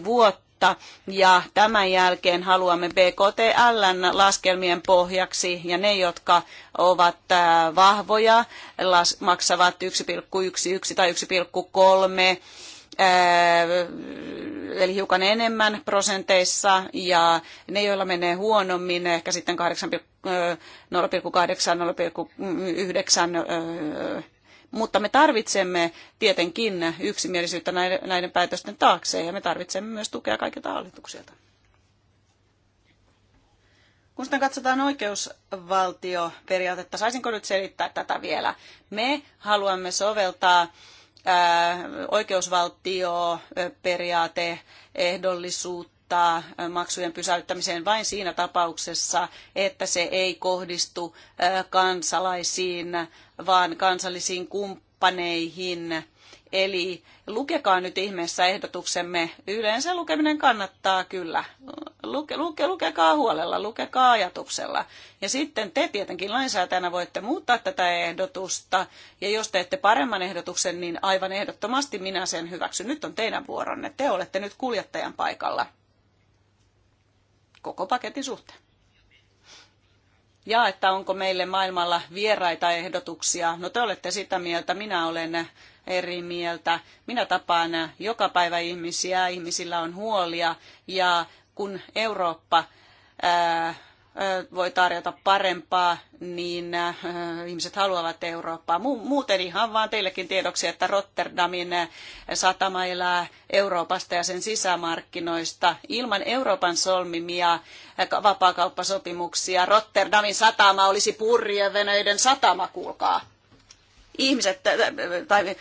S2: 5-6 vuotta ja tämän jälkeen haluamme bktl laskelmien pohjaksi ja ne, jotka ovat vahvoja, maksavat 1,11 tai 1,3 eli hiukan enemmän prosenteissa, ja ne, joilla menee huonommin, ehkä sitten 0,8-0,9 mutta me tarvitsemme tietenkin yksimielisyyttä näiden, päätösten taakse ja me tarvitsemme myös tukea kaikilta hallituksilta. Kun sitten katsotaan oikeusvaltioperiaatetta, saisinko nyt selittää tätä vielä? Me haluamme soveltaa oikeusvaltioperiaate, ehdollisuutta maksujen pysäyttämiseen vain siinä tapauksessa, että se ei kohdistu kansalaisiin, vaan kansallisiin kumppaneihin Eli lukekaa nyt ihmeessä ehdotuksemme. Yleensä lukeminen kannattaa kyllä. Luke, luke, lukekaa huolella, lukekaa ajatuksella. Ja sitten te tietenkin lainsäätäjänä voitte muuttaa tätä ehdotusta. Ja jos teette paremman ehdotuksen, niin aivan ehdottomasti minä sen hyväksyn. Nyt on teidän vuoronne. Te olette nyt kuljettajan paikalla. Koko paketin suhteen ja että onko meille maailmalla vieraita ehdotuksia. No te olette sitä mieltä, minä olen eri mieltä. Minä tapaan joka päivä ihmisiä, ihmisillä on huolia ja kun Eurooppa ää, voi tarjota parempaa, niin ihmiset haluavat Eurooppaa. Muuten ihan vaan teillekin tiedoksi, että Rotterdamin satama elää Euroopasta ja sen sisämarkkinoista. Ilman Euroopan solmimia vapaakauppasopimuksia Rotterdamin satama olisi purjeveneiden satama, kuulkaa. Ihmiset tai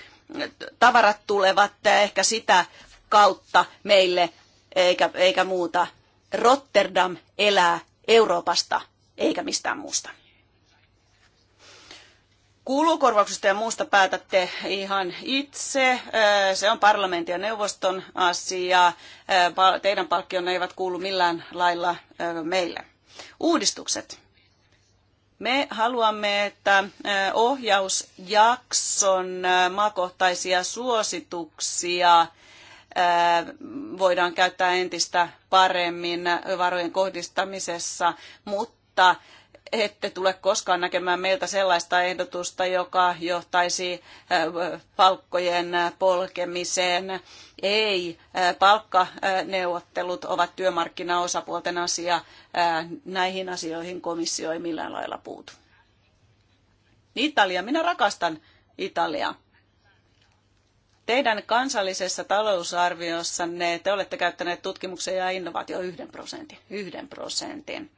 S2: tavarat tulevat ehkä sitä kautta meille eikä, eikä muuta. Rotterdam elää Euroopasta eikä mistään muusta. Kulukorvauksista ja muusta päätätte ihan itse. Äh, se on parlamentin ja neuvoston asia. Äh, teidän palkkionne eivät kuulu millään lailla äh, meille. Uudistukset. Me haluamme, että ohjausjakson maakohtaisia suosituksia – voidaan käyttää entistä paremmin varojen kohdistamisessa, mutta ette tule koskaan näkemään meiltä sellaista ehdotusta, joka johtaisi palkkojen polkemiseen. Ei, palkkaneuvottelut ovat työmarkkinaosapuolten asia. Näihin asioihin komissio ei millään lailla puutu. Italia, minä rakastan Italiaa. Teidän kansallisessa talousarviossanne te olette käyttäneet tutkimukseen ja innovaatio yhden prosentin. Yhden prosentin.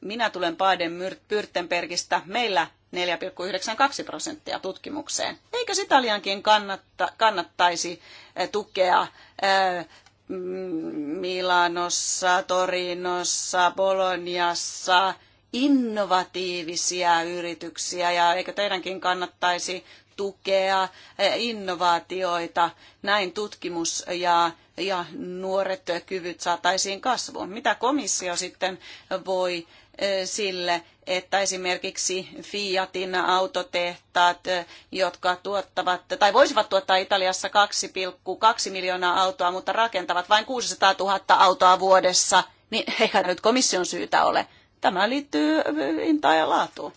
S2: Minä tulen paiden württembergistä Meillä 4,92 prosenttia tutkimukseen. Eikö Italiankin kannatta, kannattaisi eh, tukea ää, eh, mm, Milanossa, Torinossa, Boloniassa innovatiivisia yrityksiä ja eikö teidänkin kannattaisi tukea eh, innovaatioita. Näin tutkimus ja, ja nuoret kyvyt saataisiin kasvuun. Mitä komissio sitten voi eh, sille, että esimerkiksi Fiatin autotehtaat, eh, jotka tuottavat tai voisivat tuottaa Italiassa 2,2 miljoonaa autoa, mutta rakentavat vain 600 000 autoa vuodessa, niin eihän nyt komission syytä ole. Tämä liittyy hintaan ja laatuun.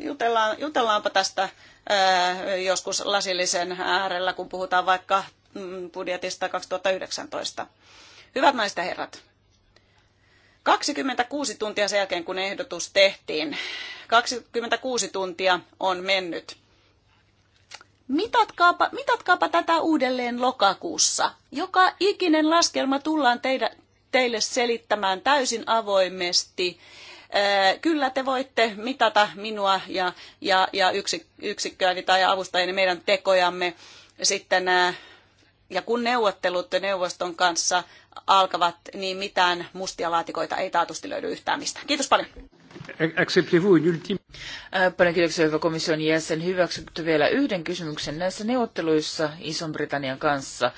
S2: Jutellaan, jutellaanpa tästä Äh, joskus lasillisen äärellä, kun puhutaan vaikka mm, budjetista 2019. Hyvät naiset ja herrat, 26 tuntia sen jälkeen, kun ehdotus tehtiin. 26 tuntia on mennyt. Mitatkaapa, mitatkaapa tätä uudelleen lokakuussa. Joka ikinen laskelma tullaan teidä, teille selittämään täysin avoimesti kyllä te voitte mitata minua ja, ja, ja yksikköäni tai avustajani meidän tekojamme sitten ja kun neuvottelut neuvoston kanssa alkavat, niin mitään mustia laatikoita ei taatusti löydy yhtään mistään. Kiitos paljon.
S1: Paljon kiitoksia, hyvä komission jäsen. Hyväksytty vielä yhden kysymyksen näissä neuvotteluissa Ison-Britannian kanssa?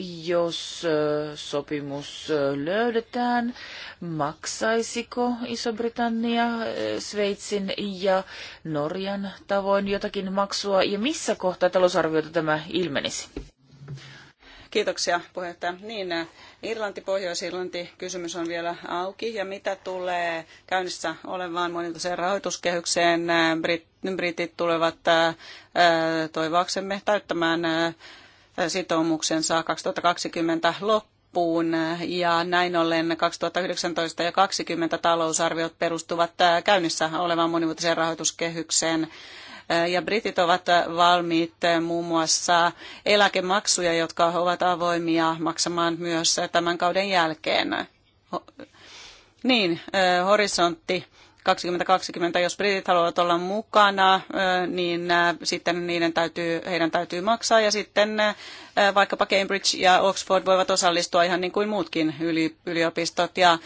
S1: jos sopimus löydetään, maksaisiko Iso-Britannia Sveitsin ja Norjan tavoin jotakin maksua ja missä kohtaa talousarviota tämä ilmenisi?
S2: Kiitoksia puheenjohtaja. Niin, Irlanti, Pohjois-Irlanti kysymys on vielä auki. Ja mitä tulee käynnissä olevaan monivuotiseen rahoituskehykseen, britit tulevat toivaksemme täyttämään sitoumuksensa 2020 loppuun ja näin ollen 2019 ja 2020 talousarviot perustuvat äh, käynnissä olevaan monivuotiseen rahoituskehykseen äh, ja britit ovat valmiit äh, muun muassa eläkemaksuja, jotka ovat avoimia maksamaan myös tämän kauden jälkeen. Niin, horisontti 2020, jos britit haluavat olla mukana, niin sitten niiden täytyy, heidän täytyy maksaa ja sitten vaikkapa Cambridge ja Oxford voivat osallistua ihan niin kuin muutkin yliopistot ja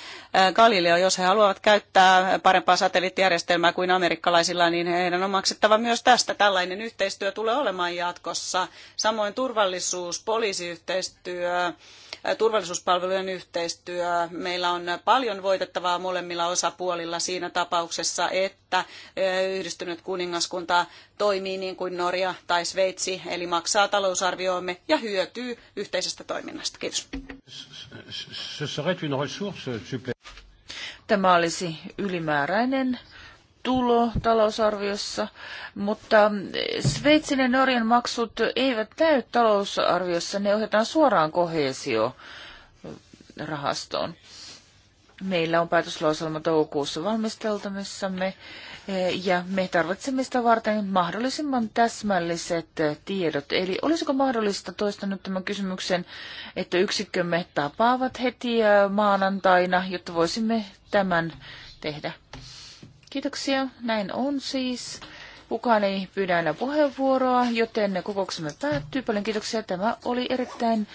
S2: Galileo, jos he haluavat käyttää parempaa satelliittijärjestelmää kuin amerikkalaisilla, niin heidän on maksettava myös tästä. Tällainen yhteistyö tulee olemaan jatkossa. Samoin turvallisuus, poliisiyhteistyö, turvallisuuspalvelujen yhteistyö. Meillä on paljon voitettavaa molemmilla osapuolilla siinä tapauksessa, että yhdistynyt kuningaskunta toimii niin kuin Norja tai Sveitsi, eli maksaa talousarvioomme ja hyötyy yhteisestä toiminnasta. Kiitos. Tämä
S1: olisi ylimääräinen tulo talousarviossa, mutta Sveitsin ja Norjan maksut eivät näy talousarviossa, ne ohjataan suoraan kohesiorahastoon. Meillä on päätöslauselma toukokuussa valmisteltamissamme eh, ja me tarvitsemme sitä varten mahdollisimman täsmälliset tiedot. Eli olisiko mahdollista toistaa nyt tämän kysymyksen, että yksikkömme tapaavat heti eh, maanantaina, jotta voisimme tämän tehdä? Kiitoksia. Näin on siis. Kukaan ei pyydä enää puheenvuoroa, joten kokouksemme päättyy. Paljon kiitoksia. Tämä oli erittäin